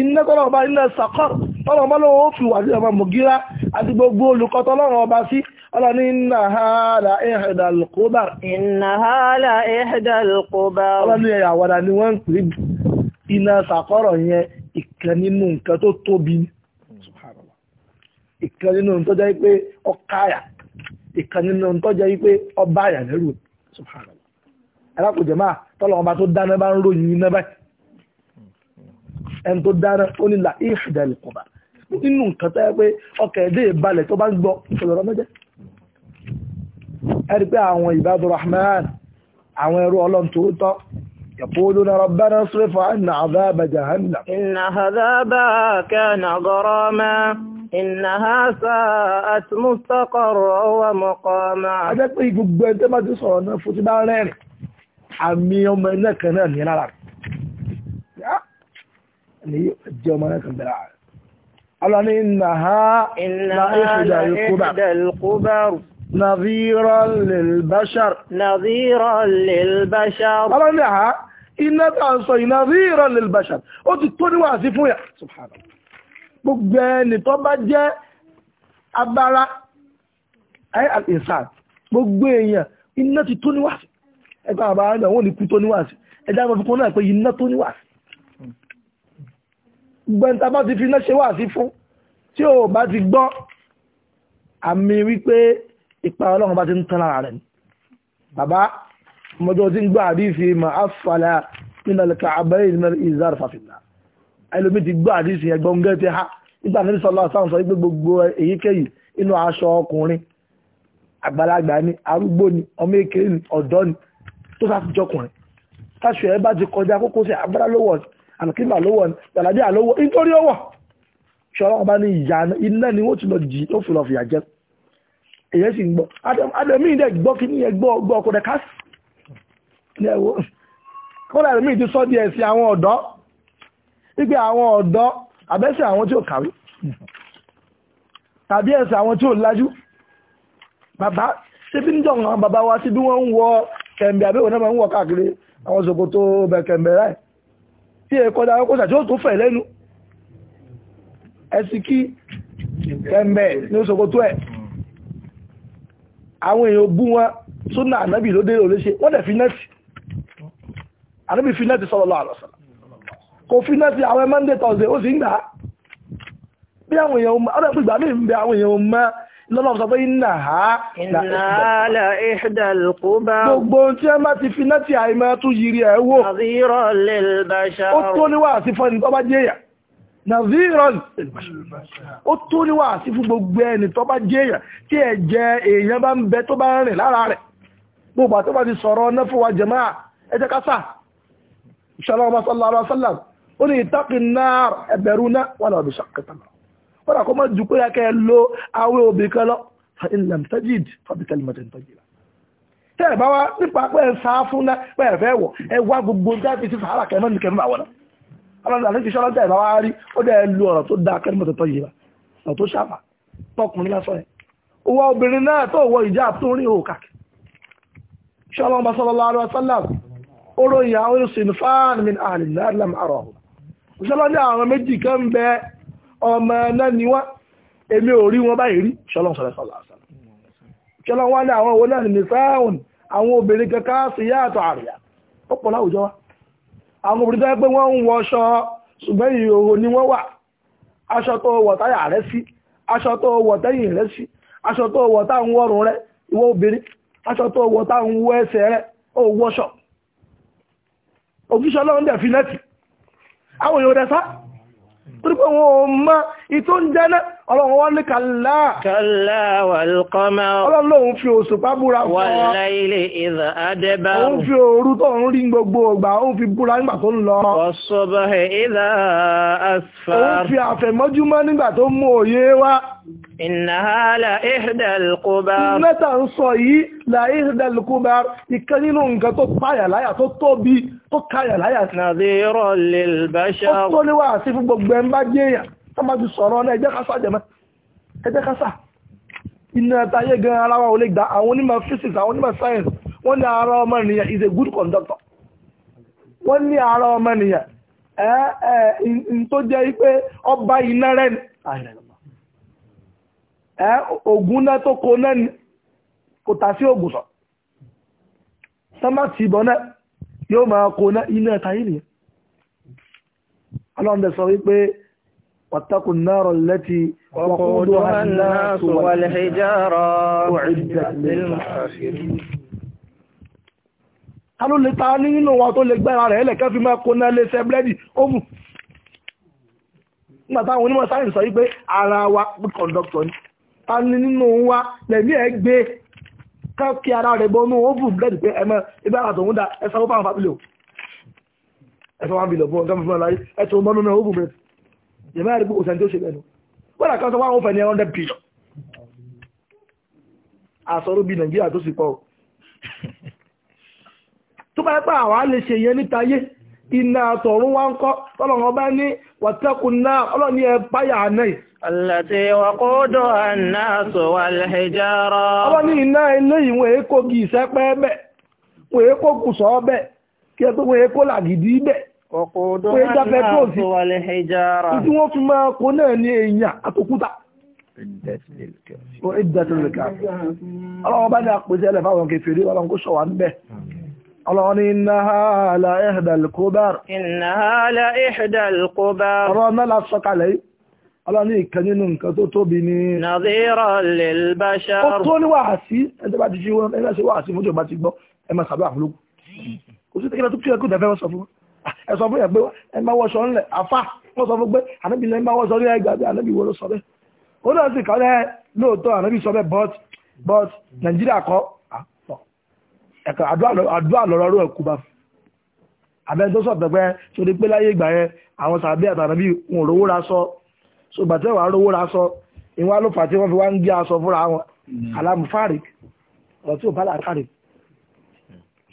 iná tọ́lọ̀ ọba iná sàkọ́ tọ́lọ̀ ọba lọ́wọ́ ó fi wà sí ọmọ mọ̀gíra àti gbogbo olùkọ́ ọba sí ọlọ́ni iná hàálà ìhẹ̀dà lùkúbà iná hàálà ya ọlọ́ni ẹ̀yà ni wọ́n ń pè iná sàkọ́rọ̀ yẹn nínú nǹkan tó tóbi nínú tó jẹ́ pé ọkáyà nínú tó ọba máa tọ́lọ̀ ọba tó dáná bá ń ròyìn iná báyìí ẹni tó dáná ó nílà ìṣẹ̀dẹ̀lẹ̀ kọ̀bà nínú nǹkan tó yẹ pé ọkọ̀ ẹ̀dẹ́ ìbalẹ̀ tó bá ń gbọ́ ìṣòlọ́rọ̀ méjẹ́ ẹni pé àwọn ìbádu rahman àwọn ẹrú ọlọ́run tó tọ́ يقولون ربنا اصرف عنا عذاب جهنم إنها عذابها كان غراما إنها ساءت مستقرا ومقاما أجل ما يقول بأنت ما تسعون فوتي بأنين عمي يوم إنك نان ní jẹ́ ọmọ náà kan bẹ̀rẹ̀ ààrẹ ọlọ́ni ìnáhá ìfìdà ìkúbàrù nàzírọ̀ lèlbáṣàr ọlọ́ni àhá iná tà ń sọ ìnàzírọ̀ lèlbáṣàr ó ti tó níwà sí fún yà gbogbo ẹni tó bá jẹ́ abára ayé àìsàn gbogbo èèyàn iná ti tó níwà sí ẹgbẹ́ àbára náà wọ́n ní kú tó níwà sí ẹjá mọ́ fi kún náà pé iná tó níwà sí gbẹ̀ntà bá ti fi iná ṣe wà sí fún tí ò bá ti gbọ́ àmì wípé ipa ọlọ́run bá ti ń tán lára rẹ̀ bàbá mọjọ́ tí ń gbọ́ àdífi ma afala nílẹ̀lẹ̀ka abẹ́rẹ́ ìlú ìzáàrù fàfihàn ẹlòmí ti gbọ́ àdífi ẹgbọ́n gẹ́ ti ha nígbà níbi sọ́lá sáwọn sọ wípé gbogbo èyíkéyìí inú aṣọ ọkùnrin àgbàlagbà ni arúgbó ni ọmọ èkéré ni ọ̀dọ́ ni tó sáfi jọkùnrin táṣù ẹ bá ti kọjá kókó sí abúlá lówó ọ̀sẹ̀ àlùkìmà lówó ni jàlábí àlówó nítorí ó wọ̀ ṣọlá ọba ní ìyá iná ni wọ́n ti lọ jì ó fi lọ fìyà jẹ èyẹ sì ń gbọ́ adẹ̀mí ìdẹ̀ gbọ́ kí ní ẹgbọ́ ọgbọ́ ọkùnrin káàsì ní ẹ̀wọ́ kọ́lá ẹ̀mí ti sọ díẹ̀ sí àwọn ọ̀dọ́ wípé àwọn ọ̀dọ́ àbẹ́sẹ̀ àwọn tí ó kàwé tàbí ẹ̀sẹ̀ àwọn tí ó lájú bàbá ṣe bí níjọ́ bàbá wa sí wọ́n ń wọ kẹ̀m̀bẹ̀ àbẹ́wò náà máa ń wọ káàkiri àwọn ṣòkòtò bẹ̀kẹ̀m̀bẹ̀ láì tí ẹ kọ́dá ọkọ́sà tí ó tó fẹ̀ lẹ́nu ẹsì kí tẹ́m̀bẹ̀ ní ṣòkòtò ẹ̀ àwọn èèyàn bú wọn súnà ànábì ló dé ṣe wọ́n dẹ̀ finẹ́tì ànábì finẹ́tì sallallahu alaihi kò finẹ́tì àwọn monday thursday ó sì ń gbà bí àwọn èèyàn lọ́lọ́run sọ pé iná ha ìlàlẹ̀ ìdàlùkúbà gbogbo tí ẹ má ti fi náà ti àìmọ́ tó yiri ẹ̀ wò ó tó níwà àti fọ́nì tó bá jẹ́yà ó tó níwà àti fún gbogbo ẹni tó bá jẹ́yà tí ẹ jẹ èèyàn bá ń bẹ tó bá rìn lára rẹ̀ gbogbo àti bá ti sọ̀rọ̀ náà fún wa jàmáà ẹ jẹ́ ká sá náà ẹ̀bẹ̀rú náà kọ́dà kó má ju pé kẹ́ ẹ lo awé obì kan lọ fa ilẹ̀ mtajid fàbí kẹlìmọ̀tẹ̀ mtajid tẹ́ ẹ̀ bá wá nípa pé ẹ̀ sá fún náà pé ẹ̀ fẹ́ wọ̀ ẹ wá gbogbo dáàbì sí sàárà kẹ́mọ́ ní kẹ́mọ́ àwọn náà alága ní ìṣọ́lá tẹ́ ẹ̀ bá wá rí ó dẹ́ ẹ lu ọ̀rọ̀ tó dáa kẹ́lìmọ̀tẹ̀ tọ́ yìí rà ọ̀rọ̀ tó ṣàfà tọkùnrin lásán yẹn owó obìnrin náà tó wọ ìjà tó rí òkà ṣọ́lá ọmọ sallallahu alaihi wasallam ó ròyìn àwọn sinfan min ahli nar lam arahum òṣèlú ní àwọn méjì kan bẹ́ẹ̀ ọmọ náà ni wọ́n èmi ò rí wọn báyìí rí ṣọlọ́n sọ̀rọ̀ sọ̀rọ̀ àṣà wá ní àwọn owó náà ní sáàhùn àwọn obìnrin kankan sí yàtọ̀ àríyá ó láwùjọ wa àwọn obìnrin tó pé wọ́n ń wọṣọ ṣùgbọ́n ìhòòhò ni wọ́n wà aṣọ tó wọ̀ táyà rẹ sí aṣọ tó wọ̀ tẹ́yìn rẹ sí aṣọ tó wọ̀ táà ń wọ̀rùn rẹ ìwọ obìnrin aṣọ tó wọ̀ táà ń wọ ẹsẹ̀ rẹ ó wọṣọ òfíṣọ́ lọ́wọ́ dẹ̀ fi lẹ́tì àwọn èèyàn rẹ sá torí pé wọn ò mọ ń jẹ náà ọlọ́run wọ́n ní kàlá kàlá wàlùkọ́mọ́ ọlọ́run fi òṣùpá búra fún wa wàláìlè ìdà àdẹ́bà òun fi òru tó ń rí gbogbo ọgbà òun fi búra nígbà tó ń lọ ọ̀ṣọ́bọ̀ ìdà asfà òun fi àfẹ̀mọ́júmọ́ nígbà tó mú òye wá ìnáhálà ìhdàlùkúbà mẹ́ta ń sọ yìí la ìhdàlùkúbà ìkan nínú nǹkan tó páyà láyà tó tóbi tó káyà láyà tó níwà sí fún gbogbo ẹ̀ ń bá jẹ́yàn tọ́mọ ti sọ̀rọ̀ ọ̀nà ẹjẹ́ kásá jẹ̀mọ́ iná tayé gan ara wa gba àwọn onímọ̀ physics àwọn onímọ̀ science wọ́n ara ọmọ ènìyàn is a good conductor wọ́n ni ara ọmọ ènìyàn ẹ̀ ẹ̀ n tó jẹ́ pé ọba iná rẹ̀ ni ẹ̀ Ogun náà tó kó náà ni kò tà sí sọ sọ́mà tìbọn náà yóò máa kó náà iná nìyẹn ọlọ́run واتقوا النار التي وقودها الناس والحجارة أعدت للمكافرين Aló lè ta ní nínú wa tó lè gbára rẹ̀ ẹlẹ̀kẹ́ fi máa kóná lè ṣe búrẹ́dì ómù. Nígbà táwọn onímọ̀ sáyẹ̀nsì sọ wípé ara wa good conductor ni. Ta ní nínú wa lẹ̀mí ẹ̀ gbé kí ara rẹ̀ bọ́nú óvù búrẹ́dì pé ẹ̀mọ́ ibi ara tòun dá ẹ̀sán ó bá wọn fábílẹ̀ o. Ẹ̀sán wọn bìlọ̀ fún ọgá mi fún ọláyé ẹ̀tọ́ bọ́nú náà óvù búrẹ́dì jẹ̀mọ́ àrí gbogbo sẹ́ni tó ṣe bẹ́ẹ̀ wọ́n rà kan sọ wọ́n fẹ́ ní hundred billion àsọ̀rọ̀ bí nàìjíríà tó sì pọ̀ tó bá pẹ́ àwọn á ṣe yẹn níta yé iná àtọ̀run wá ń kọ́ tọ́lọ̀wọ́ bá ní wàtẹ́kùn náà ọlọ́ni ẹ báyà náà Àlàtí wàkódò ànáàsò wà lẹ́jọ́rọ. Ọlọ́ni iná ilé ìwọ̀n èkó gìí sẹ́pẹ́ bẹ̀, wọ́n èkó kùsọ́ bẹ̀, kí ẹ tó wọ́n èkó làgìdí bẹ̀. Ọkọ̀ ìjábẹ̀ tó sí. Ìdí wọ́n fi máa kó náà ní èèyàn àtòkúta. Ìdẹ́tìlẹ̀kà. Ọlọ́wọ́ bá ní àpèsè ẹlẹ̀ fáwọn kèfèrè ọlọ́run kó ṣọ̀wà ń bẹ̀. Ọlọ́run ní innaha la ihdal kubar. Innaha la ihdal kubar. Ọlọ́run náà la sọ́kalẹ̀ yìí. Ọlọ́run ní ìkan nínú nǹkan tó tóbi ní. Nadhiran lil bashar. Ó tó ní wàásí, ẹjọ́ ẹ sọ fún yẹn pé ẹ máa wọṣọ ńlẹ̀ àfà wọ́n sọ fún pé ànábì lẹ́yìn máa wọṣọ ńlẹ̀ gbàgbé ànábì wo ló sọ bẹ́ẹ̀ ó náà sì kọ́ lẹ́ẹ̀ lóòótọ́ ànábì sọ bẹ́ẹ̀ but but nàìjíríà kọ́ ẹ̀kọ́ àdúrà lọ́rọ́ rẹ̀ kú bá abẹ́ tó sọ̀tẹ̀ pé torí pé láyé ìgbà yẹn àwọn sàbẹ́ àtànábì wọn ò rówó ra sọ so gbàtẹ́ wàá rówó ra sọ ìwọ́n ló fà tí wọ́n fi wá ń gé aṣọ fúnra wọn alámùfárì hmm. ọ̀rọ̀ tí ò bá làákàrè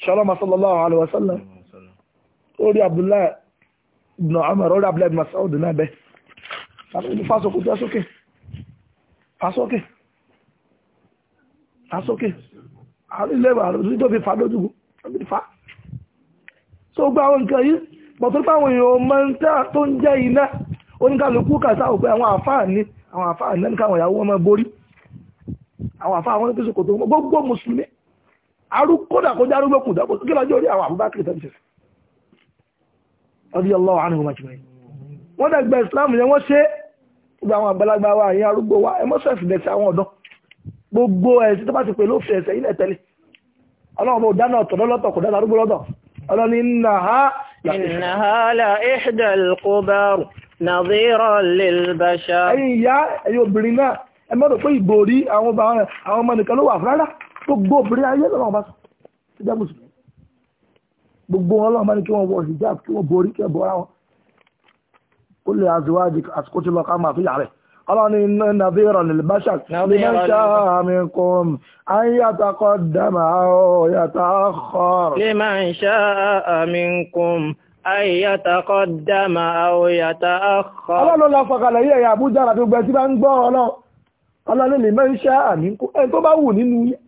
ṣọlọ́mọ sallallahu alaihi wasallam hmm orí abdullahi ibn amr orí abdullahi ibn masoud náà bẹ́ fásokùn tó sókè fásókè fásókè àrílẹ̀wà nítorí fa lójúgbò fa so gba àwọn nǹkan yìí bọ̀tún fáwọn èèyàn mọ́ntá tó ń jẹ́ iná oníkàlùkù kàtà òpé àwọn àfáà ní àwọn àfáà ní káwọn ìyàwó wọn máa borí àwọn àfáà wọn pèsè kò tó gbogbo mùsùlùmí arúgbó kódà kó jẹ́ arúgbó kùdà kó kí lọ́jọ́ orí àwọn àbúbákìrì tẹ́lifíṣẹ́ radiyallahu anhum ajma'in wọ́n dàgbà islam yẹn wọ́n ṣe gbogbo àwọn àgbàlagbà wa àyìn arúgbó wa ẹ mọ́sọ̀ ẹ̀sìn bẹ̀sẹ̀ àwọn ọ̀dọ́ gbogbo ẹ̀sìn tó bá ti pè ló fi ẹ̀sẹ̀ ilẹ̀ tẹ́lẹ̀ ọlọ́run bó dáná ọ̀tọ̀ lọ́tọ̀ kò dáná arúgbó lọ́tọ̀ ọlọ́ni nàá إنها لإحدى القبر نظيرا للبشر ẹ̀yin ìyá ẹ̀yin obìnrin náà ẹ mọ̀ rò pé ìgbòrí àwọn ọmọ nìkan ló wà fúnra gbogbo obìnrin ayé lọ́wọ́ bá sọ ṣe jẹ́ mùsùlùmí gbogbo wọn lọ́wọ́ bá ní kí wọ́n wọ hijab kí wọ́n borí kẹ́ bọ́ra wọn kó lè azuwájú àsìkò tí lọ ká máa fi yàrá ọlọ́ni nàbíràn ìlbáṣà lèmọ́ṣàmìnkùn an yàtàkọ́ dámà ó yàtàkọ́ lèmọ́ṣàmìnkùn an yàtàkọ́ dámà ó yàtàkọ́ ọlọ́lọ́ lọ fọ̀kàlẹ̀ yẹ̀ yà bújá àti gbẹ̀ tí bá ń gbọ́ ọlọ́ ọlọ́ni lèmọ́ṣàmìnkùn ẹni tó bá wù nínú yẹ́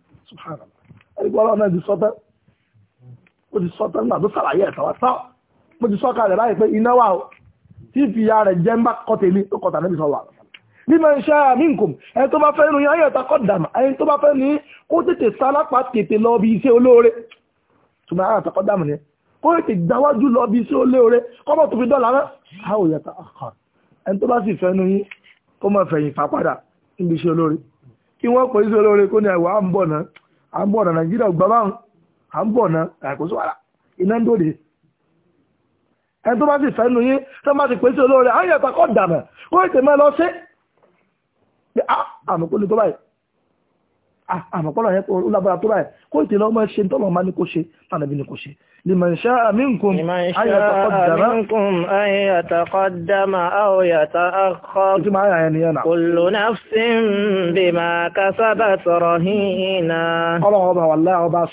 ó ti sọ tán gbà tó sàlàyé ẹ̀ tọ́wọ́ tọ́ mo ti sọ kalẹ̀ báyìí pé iná wà ó tí fi ya rẹ̀ jẹ́ ń bá kọ́ tèmi ó kọ́ tàbí sọ wà mímọ iṣẹ́ àmínkùn ẹni tó bá fẹ́ nu yẹn ayọ̀ta kọ́ dàmà ẹni tó bá fẹ́ ní kó tètè sálápá tètè lọ bí iṣẹ́ olóore ṣùgbọ́n ayọ̀ta kọ́ dàmà ni kó tètè gbáwájú lọ bí iṣẹ́ olóore kọ́mọ̀ tó fi dọ́là rẹ̀ àwọn ìyàtọ̀ ọkàn ẹni tó bá sì fẹ́ nu yín kó mọ̀ fẹ̀yìn fà padà níbi iṣẹ́ olóore à ń bọ̀ náà àkóso ara iná ń dòde ẹni tó bá sì fẹ́ nu yín tó bá sì pèsè olóore àwọn èèyàn takọ́ dànù kó ètè mẹ́ lọ sí pé á ah, àmọ̀kó ni tó báyìí ah, àmọ̀kó lọ yẹn ó lágbára tó báyìí kó ètè lọ́mọ ṣe ń tọ́lọ̀ máa ní kó ṣe tànà bí ní kó ṣe لمن شاء منكم أن يتقدم منكم أن يتقدم أو يتأخر كل نفس بما كسبت رهينة الله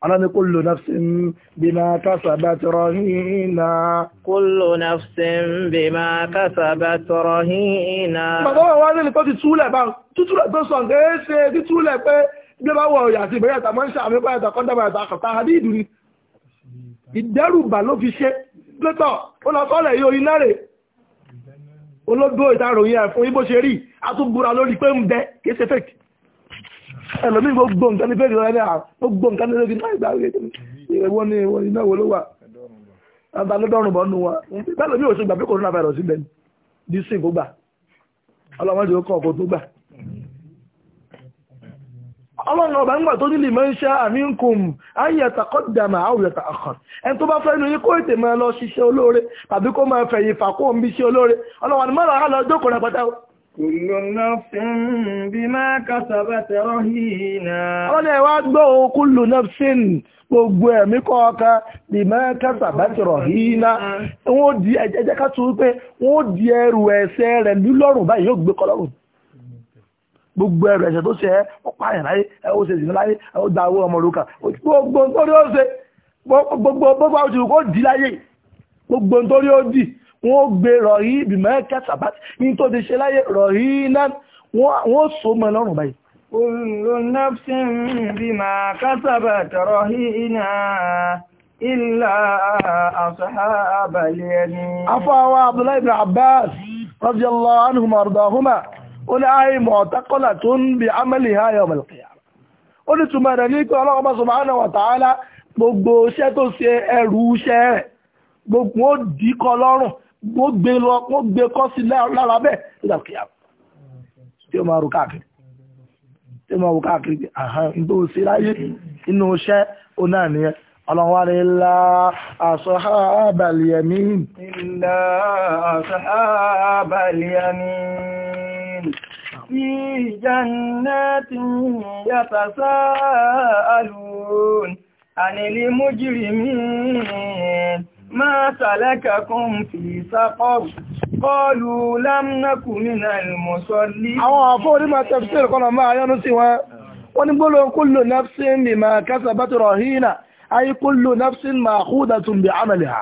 aláni kullu nafsin bima kasabat rahina kullu nafsin bima kasabat rahina bàbá wà nílùú tó ti túlẹ̀ bá tútúlẹ̀ tó sọ nǹkan ẹ́ ṣe títúlẹ̀ pé bí bá wọ ọ̀yà àti ìbẹ̀rẹ̀ àtàmọ́ṣà àmì pàyàtà kọ́ńdàbàyàtà àkàtà àdídù ni ìdẹ́rùbà ló fi ṣe lọ́tọ̀ olàkọ́lẹ̀ yóò iná rẹ̀ ológbò ìtàròyìn ẹ̀fún ibó ṣe rí àtúgbùra ẹlòmí gbogbo nǹkan ní fẹ́ẹ̀kì lọ́wọ́ ní àwọn gbogbo nǹkan ní fẹ́ẹ̀kì náà ìgbàgbé ìwọ́n ní ìwọ́n iná wo ló wà àbá lọ́dọ̀rùn bọ́ nù wa bẹ́ẹ̀ mi ò ṣe gbà pé corona virus ilẹ̀ ni dísìn kó gbà ọlọ́wọ́n ti kọ́ ọkọ̀ tó gbà. ọlọ́run ọba ńgbà tó nílì máa ń ṣe àmínkùn ayé ẹ̀tàkọ́ dàmà àwọn ẹ̀tàkọ́ ẹni tó bá fẹ́ nu yín kó ètè máa lọ ṣiṣẹ́ olóore tàbí kó máa fẹ̀yìn fà kó ń bí ṣe olóore ọlọ́wọ́n ni mọ́ra á lọ jókòó rẹpẹtẹ Kùlù nọ́fín bí máa kásàbẹ̀ tẹ́rọ hìnà. Ó lè wá gbọ́ o kùlù nọ́fín gbogbo ẹ̀mí kọ̀ọ̀kan bí máa kásàbẹ̀ tẹ́rọ hìnà. Wọ́n di ẹjẹ́ ká tún pé wọ́n di ẹrù ẹ̀ṣẹ̀ rẹ̀ lílọ́rùn báyìí yóò gbé kọlọ́rùn. Gbogbo ẹrù ẹ̀ṣẹ̀ tó ṣe ẹ́ ó pààyàn láyé, ẹ ó ṣe ìsinmi láyé, ẹ ó da owó ọmọ òrukàn. Gbogbo nítorí ó ṣe, gbogbo wọ́n gbé rọ̀hí bìmọ̀ ẹ̀kẹ́ sàbátì ní tó ti ṣe láyé rọ̀hí náà wọ́n so mọ́ lọ́rùn báyìí. Kullu nafsin bima kasabat rahina illa ashabal yamin. Afáwa Abdullahi ibn Abbas, radiyallahu anhuma ardahuma, ó ní ayé gbogbo iṣẹ́ tó ṣe ẹrù iṣẹ́ rẹ̀, gbogbo ó dì lọ́rùn wọ́n gbé lọ wọ́n gbé kọ́ sí lára bẹ́ẹ̀ nígbà kí á tí ó máa rò káàkiri tí ó máa káàkiri sí láyé inú iṣẹ́ ó náà nìyẹn ọlọ́wọ́ rẹ̀ ilá àṣọ́hábàlìyàmí ilá àṣọ́hábàlìyàmí في جنات يتساءلون عن المجرمين ما سلككم في سقر قالوا لم نكن من المصلين àwọn àfọ́rí máa tafsir kọ́nà máa yánú sí wọn wọ́n ní gbọ́lọ̀ kullu nafsin bima kasabat rahina ay kullu nafsin ma'khudatun bi'amaliha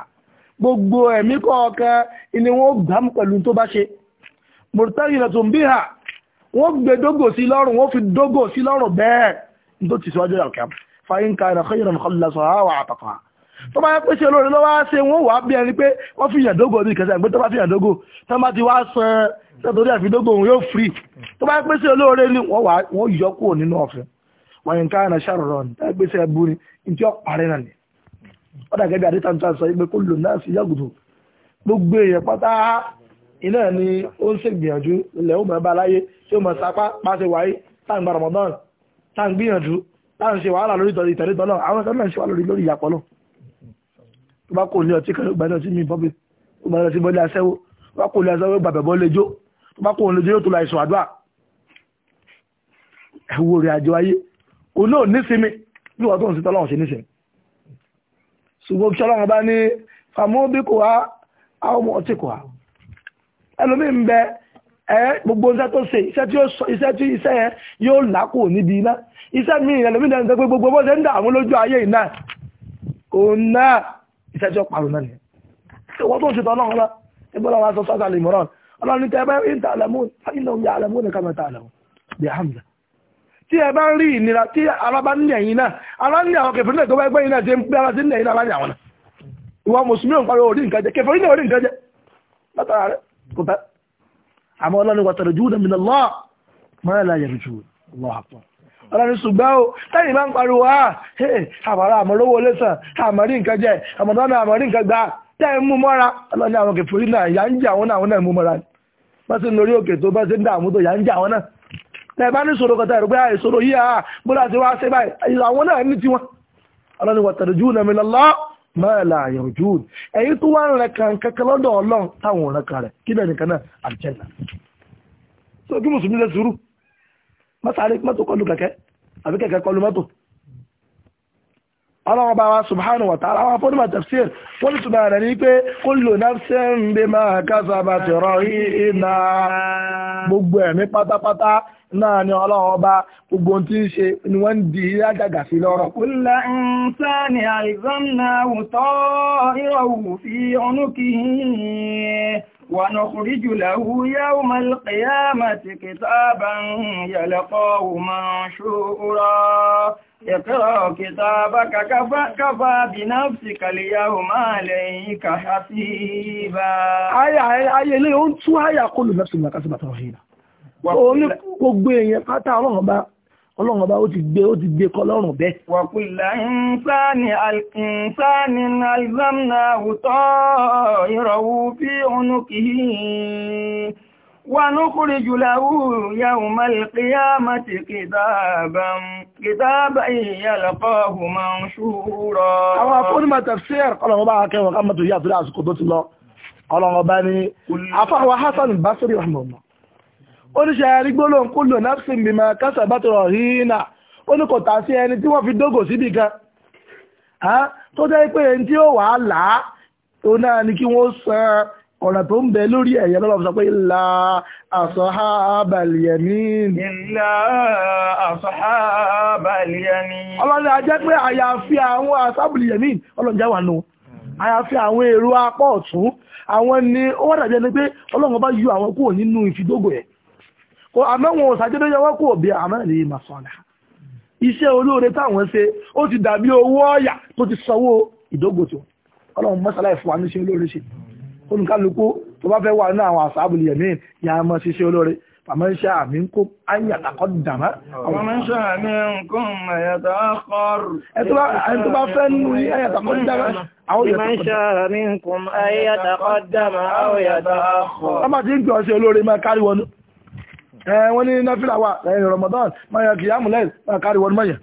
gbogbo ẹ̀mí kọ̀ọ̀kan ni wọ́n gbám pẹ̀lú tó bá ṣe murtahinatun biha wọ́n gbé dógò sí lọ́rùn wọ́n fi dógò sí lọ́rùn bẹ́ẹ̀ tó bá yẹ pé ṣe olórin lọ́wọ́ ṣe wọ́n wà bí ẹni pé wọ́n fi yàn dógò bí kẹsàn-án bá fi yàn dógò tó bá ti wá san sẹ́tòrí àfidógò òun yóò free tó bá yẹ pé ni wọ́n wà wọ́n yọ kúrò nínú ọ̀fẹ́ wọ́n yẹn káyọ̀ náà ṣàròrọ̀ ní táyà gbèsè ẹbú ni ní tí ó náà ni ó dà gẹ́gẹ́ bí adéta tó sọ pé kó lò náà sí yàgùdù gbogbo èèyàn pátá iná ni ó ń ṣègbìyànjú ilẹ̀ ó mọ̀ ẹ́ bá láyé tí ó mọ̀ sapá pàṣẹ wáyé táà ń gba Ramadan táà ń gbìyànjú táà ń ṣe wàhálà lórí ìtọ́jú ìtẹ̀lẹ́tọ̀ náà àwọn ẹ̀ka náà ń ṣe wàhálà tó bá kò ní ọtí kan gbà náà sí mi bọ́bí tó bá lọ sí bọ́lé aṣẹ́wó tó bá kò ní aṣẹ́wó gbàbẹ̀ bọ́ lẹ́jọ́ tó bá kò ní lẹ́jọ́ yóò tó la ìsọ̀ àdúrà ẹ̀wò rẹ̀ àjọ ayé kò náà nísinmi bí wọ́n tó ń sitọ́ lọ́wọ́ ṣe nísinmi ṣùgbọ́n kí ọlọ́run bá ní fàmóbíkò wa àwọn ọtí kò wa ẹlòmíín bẹ ẹ gbogbo iṣẹ́ tó ṣe iṣẹ́ tí iṣẹ́ tí iṣẹ́ yẹn yóò làákò níbi iná iṣẹ́ míì ẹlòmíín dẹ́nu pé gbogbo bó ṣe ń dà àwọn lójú ayé ìná òun náà iṣẹ́ tí ó parun náà ni ìwọ́n tó ń ṣe tọ́lọ́run ọlá nígbọ́n láwọn aṣọ sọ́sà lè mọ́ràn ọlọ́run tẹ́ bá ń ta àlẹ́mú ìlú ìyá àlẹ́mú ní kàmẹ́ ta àlẹ́mú bí hamza tí ẹ bá ń rí ìnira tí ara bá ń ní ẹ̀yìn náà ara ń ní àwọn kẹfẹ́ náà tó bá gbẹ́yìn náà ṣe ń pé ara ti ń nẹ̀yìn náà láyé àwọn náà ìwọ mùsùlùmí ò ń pariwo orí nǹkan jẹ kẹfẹ́ náà orí nǹkan jẹ látara rẹ kò fẹ́ àmọ́ ọlọ́run wàtàrẹ̀ jù ú dẹ̀ mí lọ́ọ́ máa láyé jù ú lọ́ọ́ àpọ̀ ọlọ́ni ṣùgbọ́n o tẹ́yìn ma ń pariwo á ah, àmọ̀rá àmọ̀lówó lẹ́sàn àmọ̀rí nǹkan jẹ àmọ̀dọ́nà àmọ̀rí nǹkan gbà tẹ́yìn mú mọ́ra ọlọ́ni àwọn kẹfìrí náà yà ń jẹ àwọn náà àwọn náà mú mọ́ra bá sí lórí òkè tó bá sí ń dààmú tó yà ń jẹ àwọn náà tẹ́yìn bá ní kọta ah, yìí ah, bóra ti wá sí báyìí àwọn náà ní tiwọn ọlọ́ni ma mọ́sáré mọ́tò kọlu kẹ̀kẹ́ àbí kẹ̀kẹ́ kọlu mọ́tò ọlọ́wọ́ bá wa subhanahu wa ta'ala àwọn afọ́nìmọ̀ tafsir wọ́n tún bá rẹ̀ ní pé kullu nafsin bima kasabat rahina gbogbo ẹ̀mí pátápátá náà ni ọlọ́wọ́ bá gbogbo tí ń ṣe ni wọ́n ń di lágàgà sí lọ́rọ̀. ونخرج له يوم القيامة كتابا يلقاه منشورا اقرأ كتابك كفى, كفى بنفسك اليوم عليك حسيبا آية آية ليه أنتوا آية كل نفس ما كسبت رهينة òní gbogbo èèyàn pátá ọlọ́run bá ọlọ́run ọba ó ti gbé ó ti gbé kọ́ lọ́rùn bẹ́ẹ̀. wàkùlà ìǹsáni ìǹsáni alzamna àwùtọ́ ìrọ̀wù fi ònú kìí wà núkúrí jùláwù yàwù malìkíyà mati kìtàbà ìyàlọ́kọ́ hùmọ̀ ṣúrọ̀. àwọn afọ́nimọ̀ tafsir ọlọ́run ọba akẹ́wọ̀n ká oníṣẹ́ arígbóló ń kúlò nafsin bímọ kásà bá tọrọ hìínà si eni ti won sí ẹni tí wọ́n fi dógò síbi kan tó jẹ́ pé ẹni tí ó wà á là á tó ni kí wọ́n san ọ̀rọ̀ tó ń bẹ lórí ẹ̀yẹ lọ́wọ́ sọ pé ìlà àṣọ́há abàlìyàmín ìlà àṣọ́há ajẹ́ pé àyàfi àwọn àṣábùlìyàmín ọlọ́dún jáwà nù àyàfi àwọn èrò apọ̀ ọ̀tún àwọn ni ó dàbí ẹni pé bá yọ àwọn kúrò nínú ìfidógò ẹ̀ kò àmẹ́wọn òsàjẹ́dé yọwọ́ kò bí àmẹ́rin yìí máa sọ́lá iṣẹ́ olóore táwọn ṣe ó ti dàbí owó ọ̀yà tó ti sanwó ìdógò tó ọlọ́run mọ́sálà ìfún wa níṣẹ́ olóore ṣe olùkálukú tó bá fẹ́ wà nínú àwọn àṣàbùlì ẹ̀mí ìyá mọ́ ṣiṣẹ́ olóore àmọ́ ń ṣe àmì ń kó ayàtàkọ́ dàmá àwọn ń ṣe àmì ń kó ayàtàkọ́ ẹni tó bá fẹ́ nínú ayàtàkọ́ dàmá àwọn yàtàkọ́ dàmá wọ́n ní náfìlà wà lẹ́yìn Ramadan ma yọ kìyàmù lẹ́yìn máa kárí wọn mọ́yà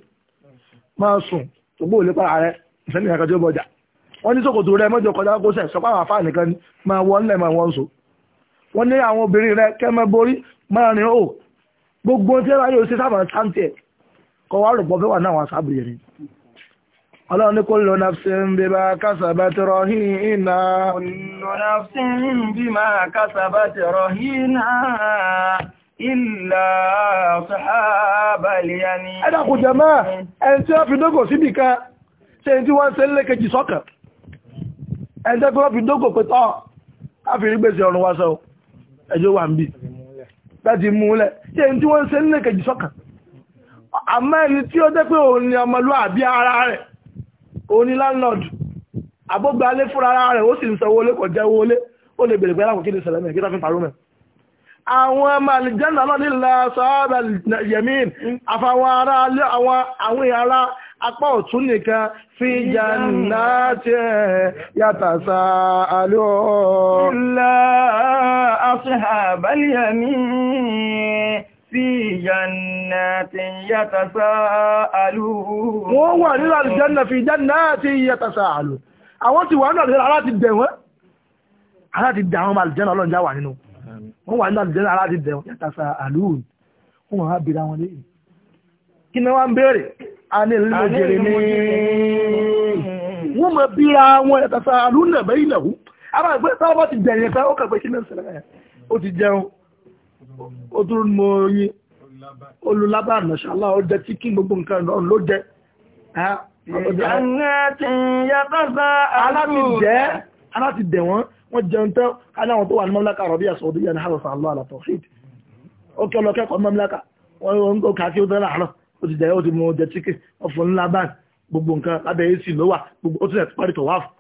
máa sùn tó gbóò lépa ààrẹ ìfẹ́ni ìyàkàjọ bọjà wọ́n ní sòkòtò rẹ mọ́jọ kọjá kó sẹ̀ sọpá àwọn afáà nìkan máa wọ́n lẹ̀ máa wọ́n so wọ́n ní àwọn obìnrin rẹ kẹ́mẹ́ borí máa rìn ó gbogbo tí wọ́n yóò ṣe sábà sáńtì ẹ̀ kọ́ wá rògbọ́ fẹ́ wà náà wọn sábìrì ọlọ́run ní lọ bí bá ti iná lọ bí ti Ìlà ọ̀sọ̀hábàlì ya ni. Ẹ dákun jàmáà, ẹni tí wọ́n fi dógò síbì kan, ṣe tí wọ́n ṣe lékejì sọ́kàn. Ẹni tí wọ́n fi dógò pé tọ́, a fi rí gbèsè ọ̀run wáṣọ, ẹjọ́ wà ń bì. Láti múlẹ̀, ṣe tí wọ́n ṣe lékejì sọ́kàn. Àmọ́ ẹni tí ó jẹ́ òun ni ọmọlúwàbí ara rẹ̀, òun ni landlord, àbógbálé fúnra ara rẹ̀, ó sì ń sanwó lé kọ̀ jẹ́ owó lé, ó lè bèrè pé àwọn ọmọ àlìjẹ́nà náà nílẹ̀ sọ́ọ́bẹ̀ yẹ̀mín àfàwọn ará alẹ́ àwọn àwọn ará apá ọ̀tún nìkan fi jàǹdà tí ẹ̀ yàtà sá àlọ́. ilẹ̀ ashabal yamin fi jàǹdà tí yàtà sá àlọ́. wọ́n wà nínú àlìjẹ́nà fi jàǹdà tí yàtà sá àlọ́. àwọn ti wà nínú àlìjẹ́nà aláti dẹ̀wọ́n aláti dẹ̀ àwọn àlìjẹ́nà ọlọ́njà wà nínú wọ́n wà ní àlùjẹ́ ara ti dẹ̀wọ̀n yàtà sa àlùún wọ́n wà á bèèrè àwọn léyìn kí ni wọ́n ń béèrè a ní ìlú òjèrè ní wọ́n mọ̀ bí ra wọn yàtà sa àlùún náà bẹ́yìn náà ara ìgbé sábà ti dẹ̀yìn pé ó kà pé kí ni ìṣẹ̀lẹ̀ yẹn ó ti jẹun ó dúró mọ oyin olùlábà nàṣàlá ó jẹ tí kí gbogbo nǹkan náà ló jẹ ìjànà ti yàtà aláti dẹ̀ wọ́n wọ́n jẹun tán aláwọn tó wà ní mamlaka arabia saudi yan harasa allah ala tawhid ó kẹ́ lọ kẹ́kọ̀ọ́ mamlaka wọ́n ń kà kí ó tán láàárọ̀ ó ti jẹ́ ó ti mú jẹ chicken ọ̀fun ńlá báyìí gbogbo nǹkan lábẹ́ ac ló wà gbogbo ó ti rẹ̀ parí tó wà fún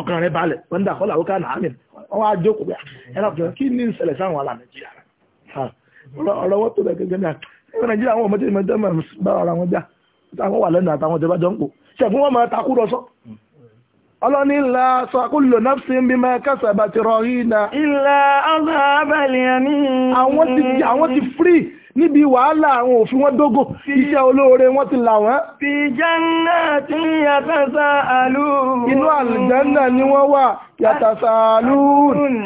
ọkàn rẹ̀ balẹ̀ wọ́n dà kọ́là ókà náà àmì wọ́n wá jókòó bẹ́ẹ̀ ẹ̀rọ kìí wọ́n tó bẹ̀ ọlọ́ni ńlá sàkúlò náfsí ń bí mẹ́ kẹsàbà ti rọ ìdá ilẹ̀ aláàbẹ̀lẹ̀ ní àwọn ti frí níbi wàhálà àwọn òfin wọn dógò iṣẹ́ olóore wọn ti là wọ́n fi jẹ́nà tí yàtàṣà àlú inú àlùjẹ́nà ni wọ́n wà yàtàṣà àlú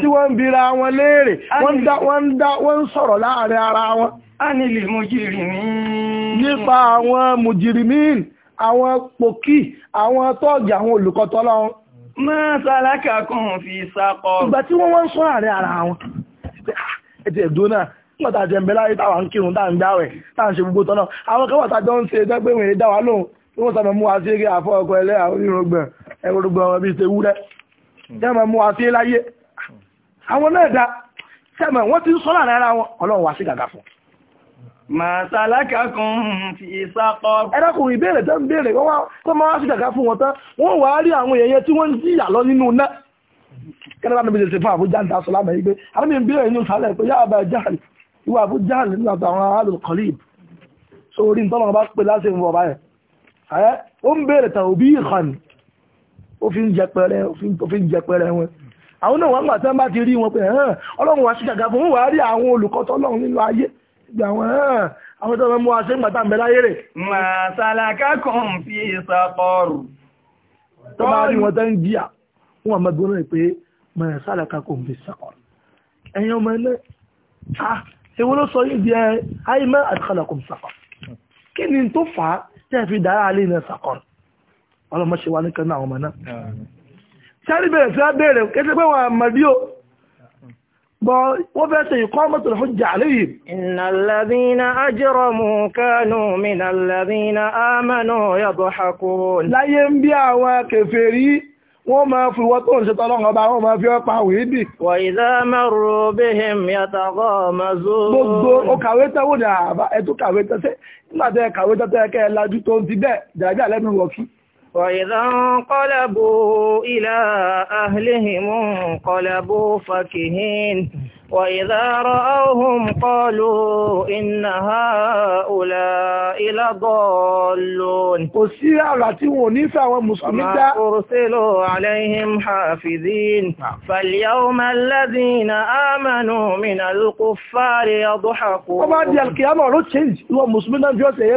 tí wọ́n ń bira wọn léèrè wọ́n ń sọ̀rọ̀ láàrin ara wọn nípa àwọn mùjìrìmín àwọn pòkì àwọn tọ́ọ̀gì àwọn olùkọ́tọ́ lọ́wọ́. máa sálákà kan fi sakọ. ìgbà tí wọ́n wọ́n ń rẹ̀ ara wọn ah, ẹ̀jẹ̀ ìdó náà nígbà jẹ́ ńbẹ́ láyé ń kírun tá ń gbáwẹ̀ tá ń ṣe gbogbo tọ́nà àwọn kẹwàá tá a jọ ń ṣe ẹgbẹ́ ìwé dá wa lóhùn tí wọ́n sábà mú wa sí eré àfọ ọkọ ẹlẹ́ àwọn onírúgbọ̀n ma salakakum fi saqar ẹ̀rọ̀kùn ìbéèrè tẹ́ ń béèrè wọ́n wá tó máa sí kàkà fún wọn tán wọ́n wà á rí àwọn èèyàn tí wọ́n ń jìyà lọ nínú náà kẹ́lẹ́bà níbi ìṣẹ̀fún àbújá ń dasọ lábẹ́ igbe àmì ìbéèrè inú sálẹ̀ pé yá àbá jáàlì ìwà àbújá nínú àtàwọn aráàlú kọlíb sórí nítorí wọn bá pè láti ń wọ báyẹ̀ ẹ̀ ó ń béèrè tàn òbí ìkàn ó fi ń jẹpẹrẹ ó fi ń jẹpẹrẹ wọn àwọn náà wọn gbà tí bá ti rí wọn pé ọlọ́run wá sí kàkà fún wà rí àwọn olùkọ́tọ́ ọlọ́run nínú ayé gbà wọ́n hàn àwọn tó mọ́ aṣe ìgbàtà mẹ́láyé rẹ̀. mà sàlàkà kan fi ìsàkọrù. tó bá rí wọn tẹ́ ń jíà wọn àmọ́ gbọ́nà pé mà sàlàkà kan fi ìsàkọrù. ẹ̀yin ọmọ ẹ̀lẹ́ ah ewu ló sọ yìí di ẹ ayé mẹ́ àdìkọ́lá kan sàkọrù. kí ni tó fà á tẹ́ ẹ fi dára alẹ́ iná wọ́n fẹ́ ṣe ìkọ́mọ̀tò hujja alayhim. innal ladhina ajramu kanu minal ladhina amanu yadhhakun. láyé ń bí àwọn kèfèrí wọ́n máa fi wọ́n tó ń ṣe tọ́lọ́run ọba wọ́n máa fi ọpa wìídì. wa وإذا انقلبوا إلى أهلهم انقلبوا فكهين وإذا رأوهم قالوا إن هؤلاء لضالون kò sí àrà tí wọn ò ní fẹ́ àwọn mùsùlùmí dá وما أرسلوا عليهم حافظين فاليوم الذين آمنوا من الكفار يضحكون ó bá di alkiyama ọ̀rọ̀ change ìwọ mùsùlùmí náà fi ọ̀sẹ̀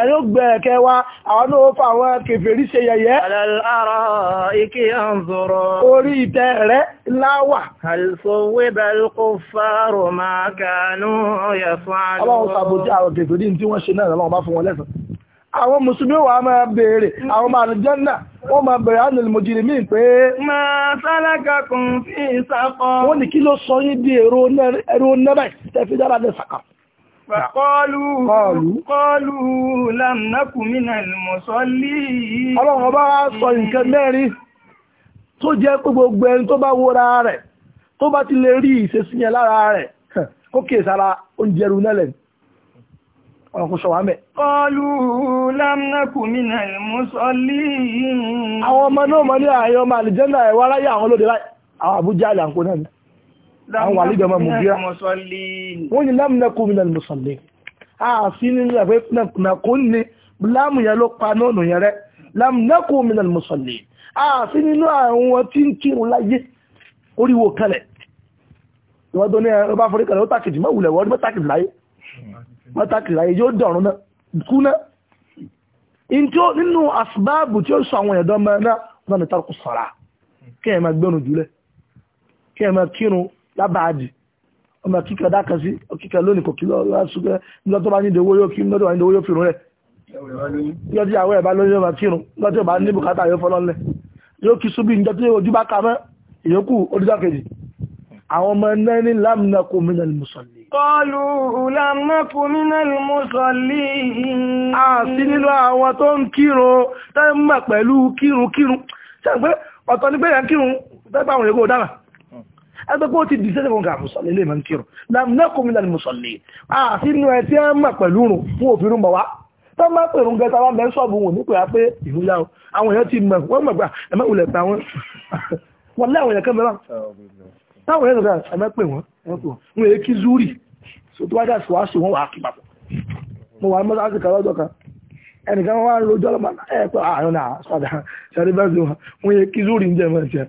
ẹni ó gbẹ̀rẹ̀ kẹwa àwọn náà fà àwọn kèfèrí ṣe yẹ̀yẹ́ alára ike àǹzọ̀rọ̀ orí ìtẹ́ rẹ̀ láwà alfọwébẹ̀lkọfàrò máa kànú yẹ̀fún àlọ́ ọlọ́run sàbòjá àwọn kèfèrí wa wọ́n ṣe náà lọ́wọ́ bá fún wọn lẹ́san àwọn mùsùlùmí wà máa bèèrè àwọn máa àlùjánnà wọ́n máa bèèrè ánìlì mòjìrì míì pé máa sálákà kùn sí ìsàkọ́ wọ́n ní kí ló sọ yín di èrò náà báyìí tẹ́fí dára Kọlù lámnákù mínà ìmọ̀sọ́lì. Ọlọ́run bá sọ nǹkan mẹ́rin tó jẹ́ pé gbogbo ẹni tó bá wóra rẹ̀, tó bá ti lè rí ìṣesíyàn lára rẹ̀, kó kèé sára oúnjẹ rú nẹ́lẹ̀ ọ̀rọ̀kún ṣọ̀wà mẹ́. Kọlù lámnákù mínà ìmọ̀sọ́lì. Àwọn ọmọ náà mọ́ ní àwọn àlídọ̀ ọmọ mùgíra wọ́n ni lámùnẹ́kù mi lẹ́nu mùsọ̀lẹ̀ ààfin nínú ẹ̀fẹ́ nàkó ní lámù yẹn ló pa náà nìyẹn rẹ lámùnẹ́kù mi lẹ́nu mùsọ̀lẹ̀ ààfin nínú àwọn tí ń kírun láyé oríwo kalẹ̀ ìwọ́n tó ní ẹ̀rọ bá forí kalẹ̀ ó tàkìtì mọ́ wùlẹ̀ wọ́n mọ́tàkìtì láyé mọ́tàkìtì láyé yóò dọ̀rùn náà kú náà nínú asibáàbù tí ó sọ àwọn ẹ̀dọ́ mọ́ náà náà ní tàkù kí ẹ̀ máa gbẹ́nu jùlẹ̀ kí ẹ̀ máa kírun lábàájì ọmọ kíkẹ́ dákà sí kíkẹ́ lónìí kò kí lọ́wọ́ ṣúgbẹ́ nígbà tó bá ní ìdòwó yóò kí lọ́dọ̀ ní ìdòwó yóò fìrún rẹ̀ nígbà tí àwọ̀ ẹ̀ bá lóyún ọmọ kírun nígbà tí ò bá ní bùkátà yóò fọlọ́lẹ̀ yóò kí súbí níjọ́ tí ojú bá ka mọ́ ìyókù oníjọ́ kejì àwọn ọmọ náà ní lámìnà kò mí nàlì mùsọ̀lì. kọlu lámìnà kò mí nàlì mùsọ̀lì. a sí nínú àwọn tó ń kírun tẹ́ ń mọ̀ pẹ̀lú kírun kírun ṣe pé ọ̀tọ̀ ní pé yẹn kírun tẹ́ pé àwọn èkó dára ẹgbẹ́ pé ó ti dìṣẹ́ ìfọ̀nkà àmùsọ̀lẹ̀ ilé ìmọ̀ kírun lámùnákùn mi lálẹ́ mùsọ̀lẹ̀ àti inú ẹ̀ tí ẹ mọ̀ pẹ̀lú rùn fún òfin rùn bọ̀ wá tó máa pèrò ń gẹta wá mẹ́ sọ́ọ̀bù wọn nípa pé ìlú yá o àwọn èèyàn ti mọ̀ wọ́n mọ̀ gbà ẹ̀mẹ́ wulẹ̀ pa wọn wọn lé àwọn èèyàn kẹ́mẹ́rà táwọn èèyàn sọ̀rọ̀ ẹ̀mẹ́ pè wọ́n wọn èèyàn kí zúrì tó wájà sí wàá sí wọn wàá kí papọ̀ mo wà mọ́sá sí kàlọ́jọ́ kan ẹnìkan wọn wá lójọ́ lọ́mọ ẹ̀ pé àyọ̀ náà sọ̀dà sẹ́rí bẹ́ẹ̀ sí wọn wọn èèyàn kí zúrì ń jẹ́ mọ́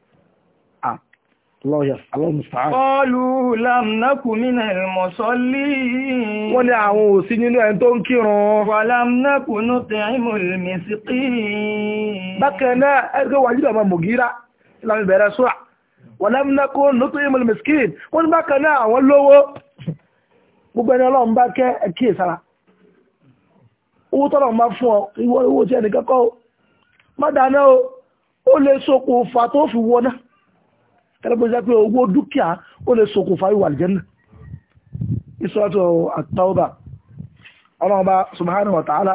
Ọlú lámnákù mínà ìmọ̀sọ́lí. Wọ́n ní àwọn òsí nínú ẹni tó ń kírun. Wà lámnákù ní tẹ̀yìnmò ìmìsìkí. Bákan náà, ẹgbẹ́ wà nílò ọmọ Mùgírá, ìlànà ìbẹ̀rẹ̀ sọ́rà. Wà lámnákù ní tẹ̀yìnmò ìmìsìkí. Wọ́n ní bákan náà àwọn lówó. Gbogbo ẹni ọlọ́run bá kẹ́ ẹkí ìsára. Owó tọ́lọ̀ o, ó lè sokùnfà kẹ́lẹ́gbọ́n jẹ́ pé owó dúkìá ó lè ṣokùnfà ìwà àlìjẹ́nà ìsọ́tọ̀ àtàwọ̀bà ọlọ́ọ̀bá subhanahu wa ta'ala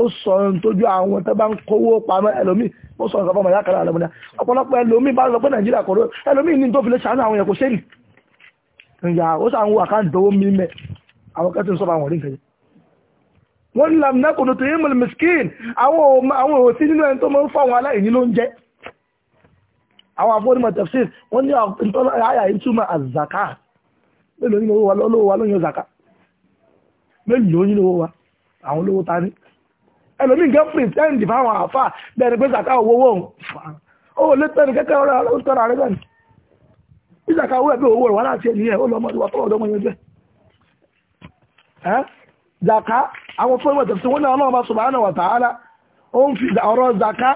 ó sọ tójú àwọn tó bá ń kówó pamọ́ ẹlòmí ó sọ ìsọfọ́mọ̀ ìyá kan àlọ́mọdá ọ̀pọ̀lọpọ̀ ẹlòmí bá lọ pé nàìjíríà kọ̀rọ̀ ẹlòmí ní tó fi lè ṣàánú àwọn ẹ̀kọ́ sẹ́lì ìyá ó sàn wọ àkáǹdówó mímẹ́ àwọn kẹ́tì ń àwọn afọ́nimọ̀ tafsir wọ́n ní ìtọ́nà àyà ìtumọ̀ àzàká mélòó nínú owó wa lọ́wọ́ wa lóyún zàká mélòó nínú owó wa àwọn olówó ta ní ẹlòmíì gẹ́ pretend fáwọn àfà bẹ́ẹ̀ni pé zàká owó wọ́n owó létẹ́ni kẹ́kẹ́ ọ̀rẹ́ ọ̀tọ́ra rẹ̀ bẹ́ẹ̀ni bí zàká owó ẹ̀bí owó rẹ̀ wá láti ẹni ẹ̀ ó lọ́mọ ìwà tọ́wọ́ ọ̀dọ́mọ yẹn jẹ́ zàká àwọn fọ́nimọ̀ tafsir wọ́n ní ọlọ́run bá subhanahu wa ta'ala ó ń fi ọ̀rọ̀ zàká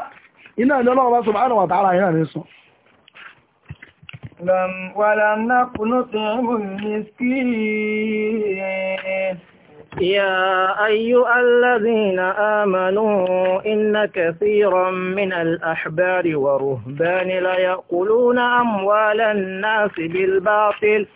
iná ní ọlọ́run bá subhanahu wa ta'ala yẹn rẹ̀ sọ لم ولم نكن نطعم المسكين يا أيها الذين آمنوا إن كثيرا من الأحبار ورهبان ليأكلون أموال الناس بالباطل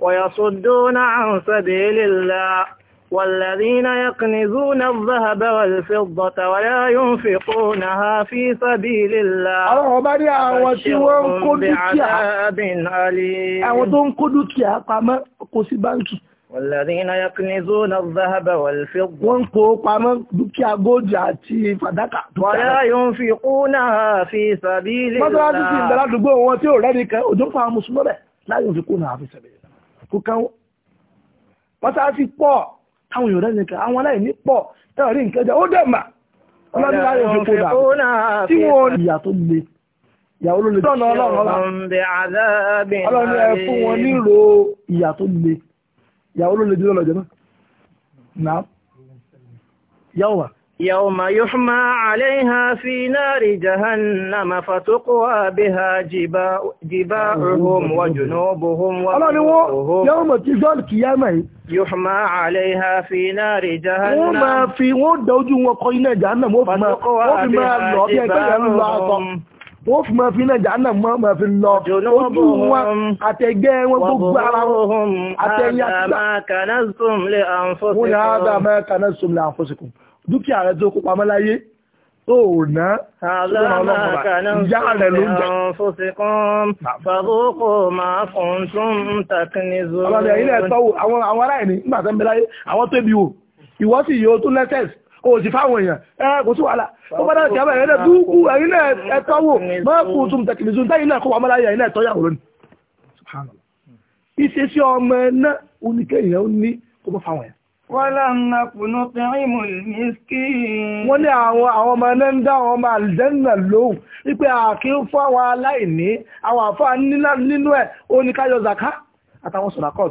ويصدون عن سبيل الله والذين يقنزون الذهب والفضة ولا ينفقونها في سبيل الله àwọn ọba ní àwọn tí wọ́n ń kó dúkìá àwọn tó ń kó dúkìá pamọ́ kó sí báńkì والذين يكنزون الذهب والفضة wọ́n kó pamọ́ dúkìá góòjì àti fàdákà ولا ينفقونها في سبيل الله mọ́tò láti fi ìbẹ̀rẹ̀ àdúgbò wọn tí ò rẹ́ni kan òjò fún àwọn mùsùlùmí rẹ̀ لا ينفقونها في سبيل الله kò kàn wọ́n sáà fi pọ̀ táwọn èèyàn rẹ̀ nìkan àwọn aláìní pọ̀ tẹ́wọ̀n rí nǹkan ó dẹ̀ mà òfin kò tí wọ́n rí ìyà tó le ìyàwó ló le tọ́nà ọlọ́run ọlọ́run fún wọn níro ìyà tó le ìyàwó ló jùlọ lọ́jọ́ náà يوم يحمى عليها في نار جهنم فتقوى بها جباؤهم جباعهم وجنوبهم وقلوبهم يوم تزال كياما يحمى عليها في نار جهنم وما في ود وجن وقينا جهنم وفما وفما جباعهم وفما فينا جهنم ما في في في في في في في في في في في في في في في في في في في الله جنوبهم وقلوبهم وقلوبهم هذا ما كنزتم في هذا ما كنزتم لأنفسكم dúkìá rẹ̀ tó kó pamọ́ láyé ó ná ìyá òsì fáwọn èèyàn ẹ kò sí ó bá dára kìábà ẹ̀rẹ́ dúkú ẹ̀yìn náà ẹ̀tọ́wò máa kù tún tẹ̀kìlìsù táyìn náà kó wà mọ́láyà ẹ̀yìn náà ẹ̀tọ́ yàwó lónìí. ìṣesí ọmọ náà oníkẹ́yìn ẹ̀ Wọ́n ní àwọn ọmọ ẹlẹ́ ń dá àwọn ọmọ àlìjẹ́nà lóhùn wípé àkí ń fún àwọn aláìní, àwọn àfáà nínú ẹ̀ ó ní ká yọ zàká àtàwọn sọ̀ràkọ́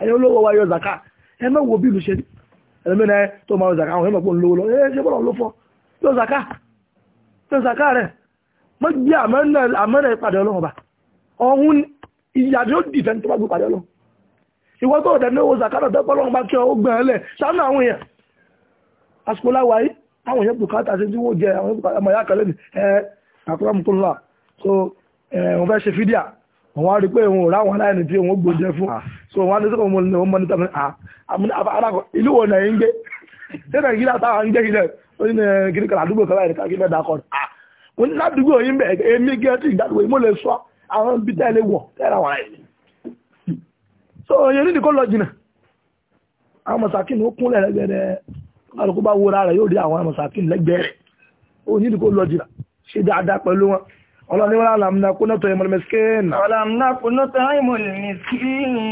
Ẹni olówó wa yọ zàká, ẹ mọ́ wo bí ìlú ṣe rí. Ẹlẹ́mìnà tó máa yọ zàká àwọn ẹmọ̀pọ̀ lówó lọ, ẹ ṣe bọ́lọ̀ ló fọ́. Yọ zàká, yọ zàká rẹ̀. Mọ́ gbé àmẹ́rẹ̀ ìpàdé ọlọ́run ọba. Ọ̀hun ìyàdó dìfẹ́ tó ìwọ tó dẹ̀ ní owó zakara dẹ́pọ́lọ́run bá kí ọ ó gbẹ̀ ẹ́lẹ̀ sánú àwọn èèyàn àsìkò láwàáyé àwọn èèyàn bùkátà sí tí wọ́n jẹ àwọn bùkátà mọ̀ yákàlẹ́ ní ẹ àkúrọ̀mù tó ńlá so wọ́n fẹ́ ṣe fídíà wọ́n á rí pé òun ráwọn aláìní tí òun gbòjẹ fún ah. so wọ́n á ní sọ́kọ̀ mọ̀ ní wọ́n mọ̀ níta mọ̀ ìlú wọn náà ń gbé ṣé nàìjíríà táwọn ń gbé ilẹ̀ ó ní kiri kan àdúgbò kan láìní káàkiri mẹ́ta kọ́ ọ́n ládùúgbò yín bẹ̀ èmi gẹ́tì ìdádùgbò yín mo lè sọ àwọn bíi tẹ́lẹ̀ wọ̀ tẹ́lẹ̀ àwọn aláìní so èyàn nídìí kó lọ jìnà àwọn mọ̀sákìnì ó kúnlẹ̀ lẹ́gbẹ̀rẹ̀ alùkú bá wúra rẹ̀ yóò rí àwọn mọ̀sákìnì lẹ́gbẹ̀rẹ̀ ó nídìí kó lọ jìnà ṣe dáadáa pẹ̀lú wọn ọlọ́ni wọn làm náà kúnná tó ìmọ̀lẹ̀ mẹ́sìkínà ọlọ́m náà kúnná tó ìmọ̀lẹ̀ mẹ́sìkínà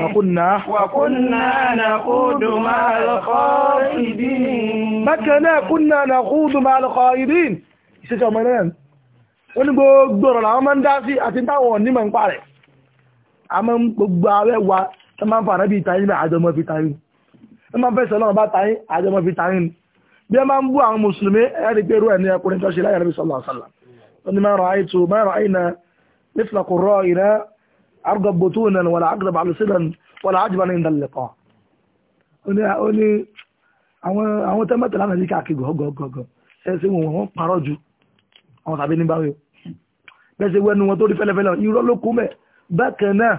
wàkúnná wàkúnná na kúdù máa lọ́kọ́ ìdín bákan náà kúnná na kúdù máa ìṣẹ́jọ́ ọmọ náà ó ní gbogbo ọ̀rọ̀ làwọn máa ń dá sí àti táwọn onímọ̀ ń parẹ̀ a máa ń gbogbo awẹ́ wa ẹ máa ń fa ànábì ìtayín níbẹ̀ àjọmọ́ fi tayín ẹ máa ń fẹ́ sọ́lọ́run bá tayín àjọmọ́ fi tayín bí ẹ máa ń bú àwọn mùsùlùmí ẹ pé irú ẹ̀ ẹkùnrin tó ṣe láyé ànábì sọ́lọ́ àṣàlà ó ní mẹ́rọ àìtù mẹ́rọ àìnà مثل قرائنا أرغب بطونا ولا أقرب على سنا ولا عجبا عند اللقاء oni oni àwọn àwọn tẹ́ mẹ́tẹ̀lá náà yíká kí gọ́gọ́gọ́gọ́ ẹ̀sìn wọn wọ́n parọ́ ju àwọn tàbí ní báwẹ̀ bẹ́sẹ̀ wọn tó rí fẹ́lẹ́fẹ́lẹ́ irọ́ ló kú mẹ́ bákan náà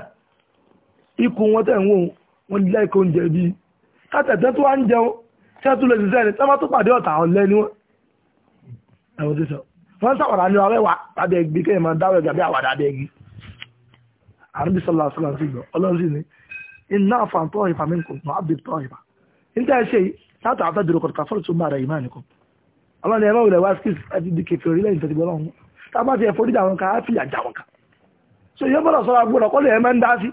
ikùn wọn tẹ̀ ń wọn lé ẹ̀kọ́ oúnjẹ bí kátẹ̀tẹ̀ tó wá ń jẹun tí wọ́n tún lè ṣiṣẹ́ ni tọ́mọ́ tó pàdé ọ̀tá ọ̀lẹ́ ni wọ́n ẹ̀wọ̀n ti sọ wọ́n sàwọ̀rà ní ọ̀rẹ́ wa tàbí ẹgbẹ́ kẹ́yìn máa dáwọ̀ ẹgbẹ́ àwàdà abẹ́gi àrùbí sọlá sọlá sí gbọ́ ọlọ́run sì iná àfàǹtọ́ ìfà mi kò tún àbí tọ́ ìfà níta ẹ ṣe kọ̀tà fọ́lù tó nìkan ẹ̀rọ wá so yóò bọ́dọ̀ sọ́ra gbọ́dọ̀ kọ́ lè ẹ̀mẹ́ ń dá sí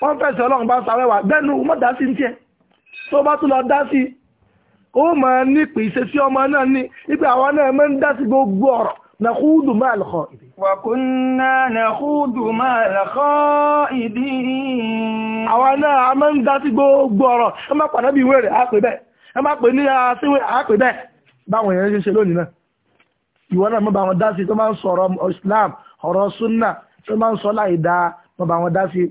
wọ́n fẹ̀sẹ̀ ọlọ́run bá sàwẹ́wà bẹ́ẹ̀nu mọ́ dá sí tiẹ̀ tó bá tún lọ dá sí ó máa nípe ìṣesí ọmọ náà ní ipe àwa náà ẹ̀mẹ́ ń dá sí gbogbo ọ̀rọ̀ nàkúùdù máa lọ́kọ̀ ìdí. wàkúnná nàkúùdù máa lọ́kọ̀ ìdí. àwa náà a máa ń dá sí gbogbo ọ̀rọ̀ ẹ má pàdé bí wèrè àpè bẹ́ẹ̀ ẹ má pè ní àṣíwé àpè bẹ́ẹ̀ báwọn èèyàn ṣe ṣe lónìí náà ìwọ náà mọ́ bá wọn dá sí tó máa ń sọ̀rọ̀ Islam ọ̀rọ̀ sunnah tí wọ́n bá ń sọ láì dá wọ́n bá wọn dá sí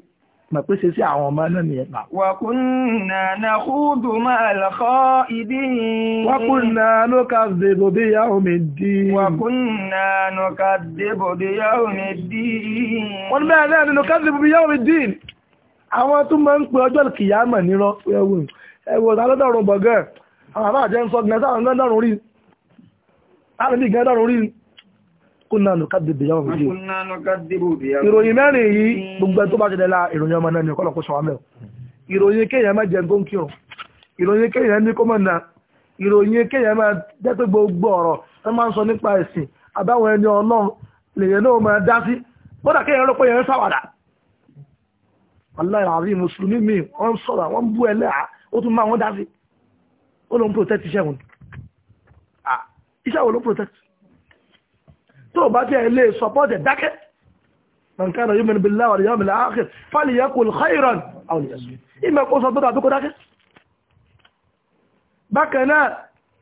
mọ̀ pé ṣe sí àwọn ọmọ náà nìyẹn náà. wa kunna nakhudu ma'al kha'idin. wa kunna nukadhibu bi yawmiddin. wa kunna nukadhibu bi yawmiddin. wọ́n bẹ́ẹ̀ náà ni àwọn tó máa ń pe ọjọ́ kìyàmọ̀ nírọ́ ẹ̀wọ̀n ẹ̀wọ̀n ta bọ̀gẹ́ àwọn àbájẹ́ ń sọ gẹ̀ẹ́sà àwọn gẹ́ẹ́dọ̀rùn rí kúnnà nù kádìí bìyà wọn fi ìròyìn mẹ́rin yìí gbogbo tó bá jẹ́ la ìròyìn ọmọ náà ní ọkọ̀ lọ́kọ̀ sọ̀wọ́n mẹ́rin ìròyìn kéèyàn má jẹun tó ń kírun ìròyìn kéèyàn ní kó mọ̀ náà ìròyìn kéèyàn máa jẹ́ pé gbogbo ọ̀rọ̀ tó máa ń sọ nípa ẹ̀sìn àbáwọn ẹni ọlọ́run lèyàn náà máa dá sí mi wọ́n sọ̀rọ̀ wọ́n bú ẹlẹ́à ó tún máa wọ́n dá tó bá tẹ́ ilé sọpọ́tẹ̀ dákẹ́ man kana yu'minu billahi wal yawmil akhir falyaqul khayran aw liyasmut ìmẹ́ kó sọpọ́tẹ̀ àbíkó dákẹ́ bákan náà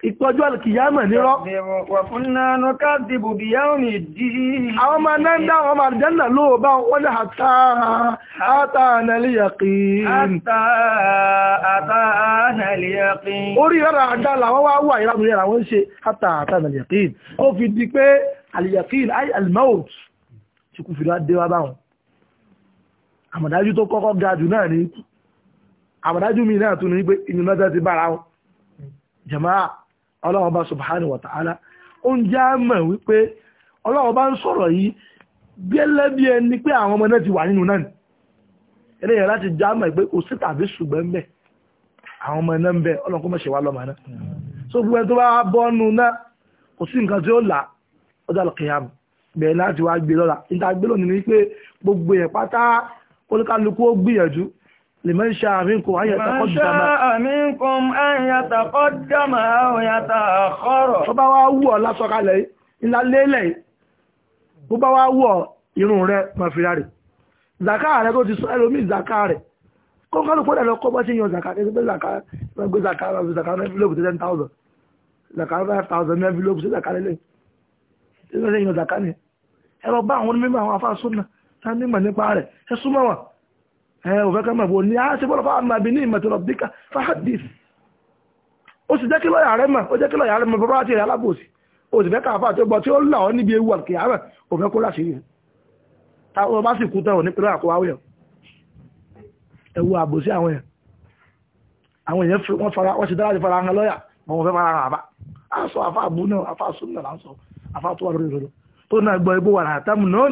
ìtọ́jú alìkìyàmọ̀ nírọ́ àwọn ọmọ náà ń dá àwọn ọmọ àjẹ́nà lóò bá wọ́n ní àtàánàlìyàkín orí rẹ̀ àdá làwọn wá wà ìrànlẹ̀ àwọn ń ṣe àtàánàlìyàkín ó fi di pé àlìyàkín àì almout tí kú fìdá dé wá báwọn àmọ̀dájú tó kọ́kọ́ ga jù náà ní àmọ̀dájú mi náà tún ní pé inú náà ti bára wọn jama'a ọlọ́wọ́ bá subhanahu wa ta'ala ó ń já mọ̀ wípé ọlọ́wọ́ bá ń sọ̀rọ̀ yìí gẹ́lẹ́ bí ẹni pé àwọn ọmọ náà ti wà nínú náà eléyìí láti já mọ̀ pé kò sí tàbí ṣùgbọ́n bẹ́ẹ̀ àwọn ọmọ náà ń bẹ ọlọ́kọ́ mọ̀ ṣe wá lọ́mọ náà so gbogbo ẹni tó bá ọjọ́ àlùkìyàm bẹ̀rẹ̀ láti wá gbé lọ́la níta gbé lónìí ni pé gbogbo yẹn pátá kólúkálukú ó gbìyànjú lèmọ́n ṣe àmínkùn ayẹtàkọ́dàmà ayẹtàkọ́rọ̀ tó bá wá wù ọ́ lásọ̀kalẹ̀ ńlá lélẹ̀ bó bá wá wù ọ́ irun rẹ̀ mọ̀fìlà rẹ̀ zaka rẹ̀ tó ti sọ ẹlòmí zaka rẹ̀ kọ́kọ́lù pọ́dà lọ kọ́ bọ́ sí yan zaka kẹ́sí pé zaka gbé zaka rẹ̀ zaka rẹ̀ fílòpù 10,000 zaka 5,000 mẹ́fílòpù sí zaka lélẹ̀ ìrẹ́lẹ̀ yìí ọ̀dàká ni ẹ lọ bá àwọn onímọ̀ àwọn afá súnà tá nímọ̀ nípa rẹ̀ ẹ súnmọ́ wọn ẹ ò fẹ́ kẹ́mọ̀ bò ní á ṣe bọ́lọ̀ fáwọn àmàbí ní ìmọ̀tò rọ̀bíkà fáhadìs ó sì jẹ́ kí lọ́ọ̀yà rẹ̀ mọ̀ ó jẹ́ kí lọ́ọ̀yà rẹ̀ mọ̀ bọ́bá ti rẹ̀ alábòsí ó sì fẹ́ káfà tó gbọ́ tí ó là ọ́ níbi ewu àkìyàmẹ̀ ò fẹ́ kó láṣìírí táwọn bá sì kú tán ò ní pẹ̀lú àkọwáwẹ̀ àwọn èèyàn wọ́n fara wọ́n ṣe dára ti fara hàn lọ́ọ̀yà wọn fẹ́ fara hàn àbá á sọ náà àfa náà là afá tó wà lórí ìṣòro tó náà gbọ́ ibò wà látàmù náà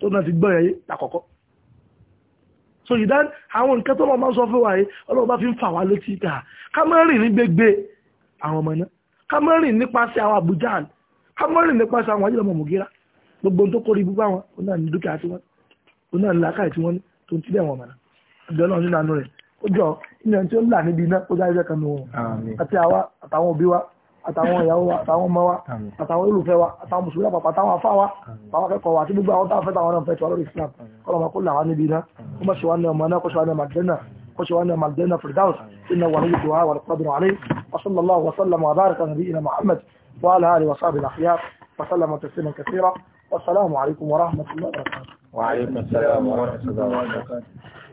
tó náà ti gbọ́ ẹ̀yẹ takọ̀kọ́ so ìdán àwọn nǹkan tó lọ́ọ́ máa sọ fún wa yìí ọlọ́run bá fi ń fà wá létí ìta ká má rìn ní gbégbé àwọn ọmọ náà ká má rìn nípasẹ̀ àwọn àbújá ká má rìn nípasẹ̀ àwọn ajílẹ̀ ọmọ mọ̀gíra gbogbo tó kórìí búbá wọn ó náà ní dúkìá tí wọ́n ó náà ní làákàyè tí wọ́n ní tó ń tilẹ̀ wọn mọ̀nà àbẹ̀ náà nínú àánú rẹ̀ ó jọ ìyẹn tí ó là níbi iná ó dá ẹgbẹ́ kan nù wọn àti àwa àtàwọn òbí wa àtàwọn ìyàwó wa àtàwọn ọmọ wa àtàwọn olùfẹ́ wa àtàwọn mùsùlùmí àpapọ̀ àtàwọn afá wa àtàwọn akẹ́kọ̀ọ́ wa àti gbogbo àwọn táwọn fẹ́tàwọn náà fẹ́tàwọn lórí Islam kọlọmọ kó làwọn níbi iná kó má ṣe wá ní ọmọ náà kó ṣe wá ní ọmọ àdínà kó ṣe wá ní ọmọ àdínà Firdaus iná wà níbi ìdùwà wà lọ́pọ̀ bìnrin àlẹ́ wasallallahu wasallam wa baraka nabiyina Muhammad wa ala alihi wa sahbihi al-akhyar wa sallama taslima kathira wa salamu alaykum wa rahmatullahi wa barakatuh wa alaykum assalam wa rahmatullahi wa barakatuh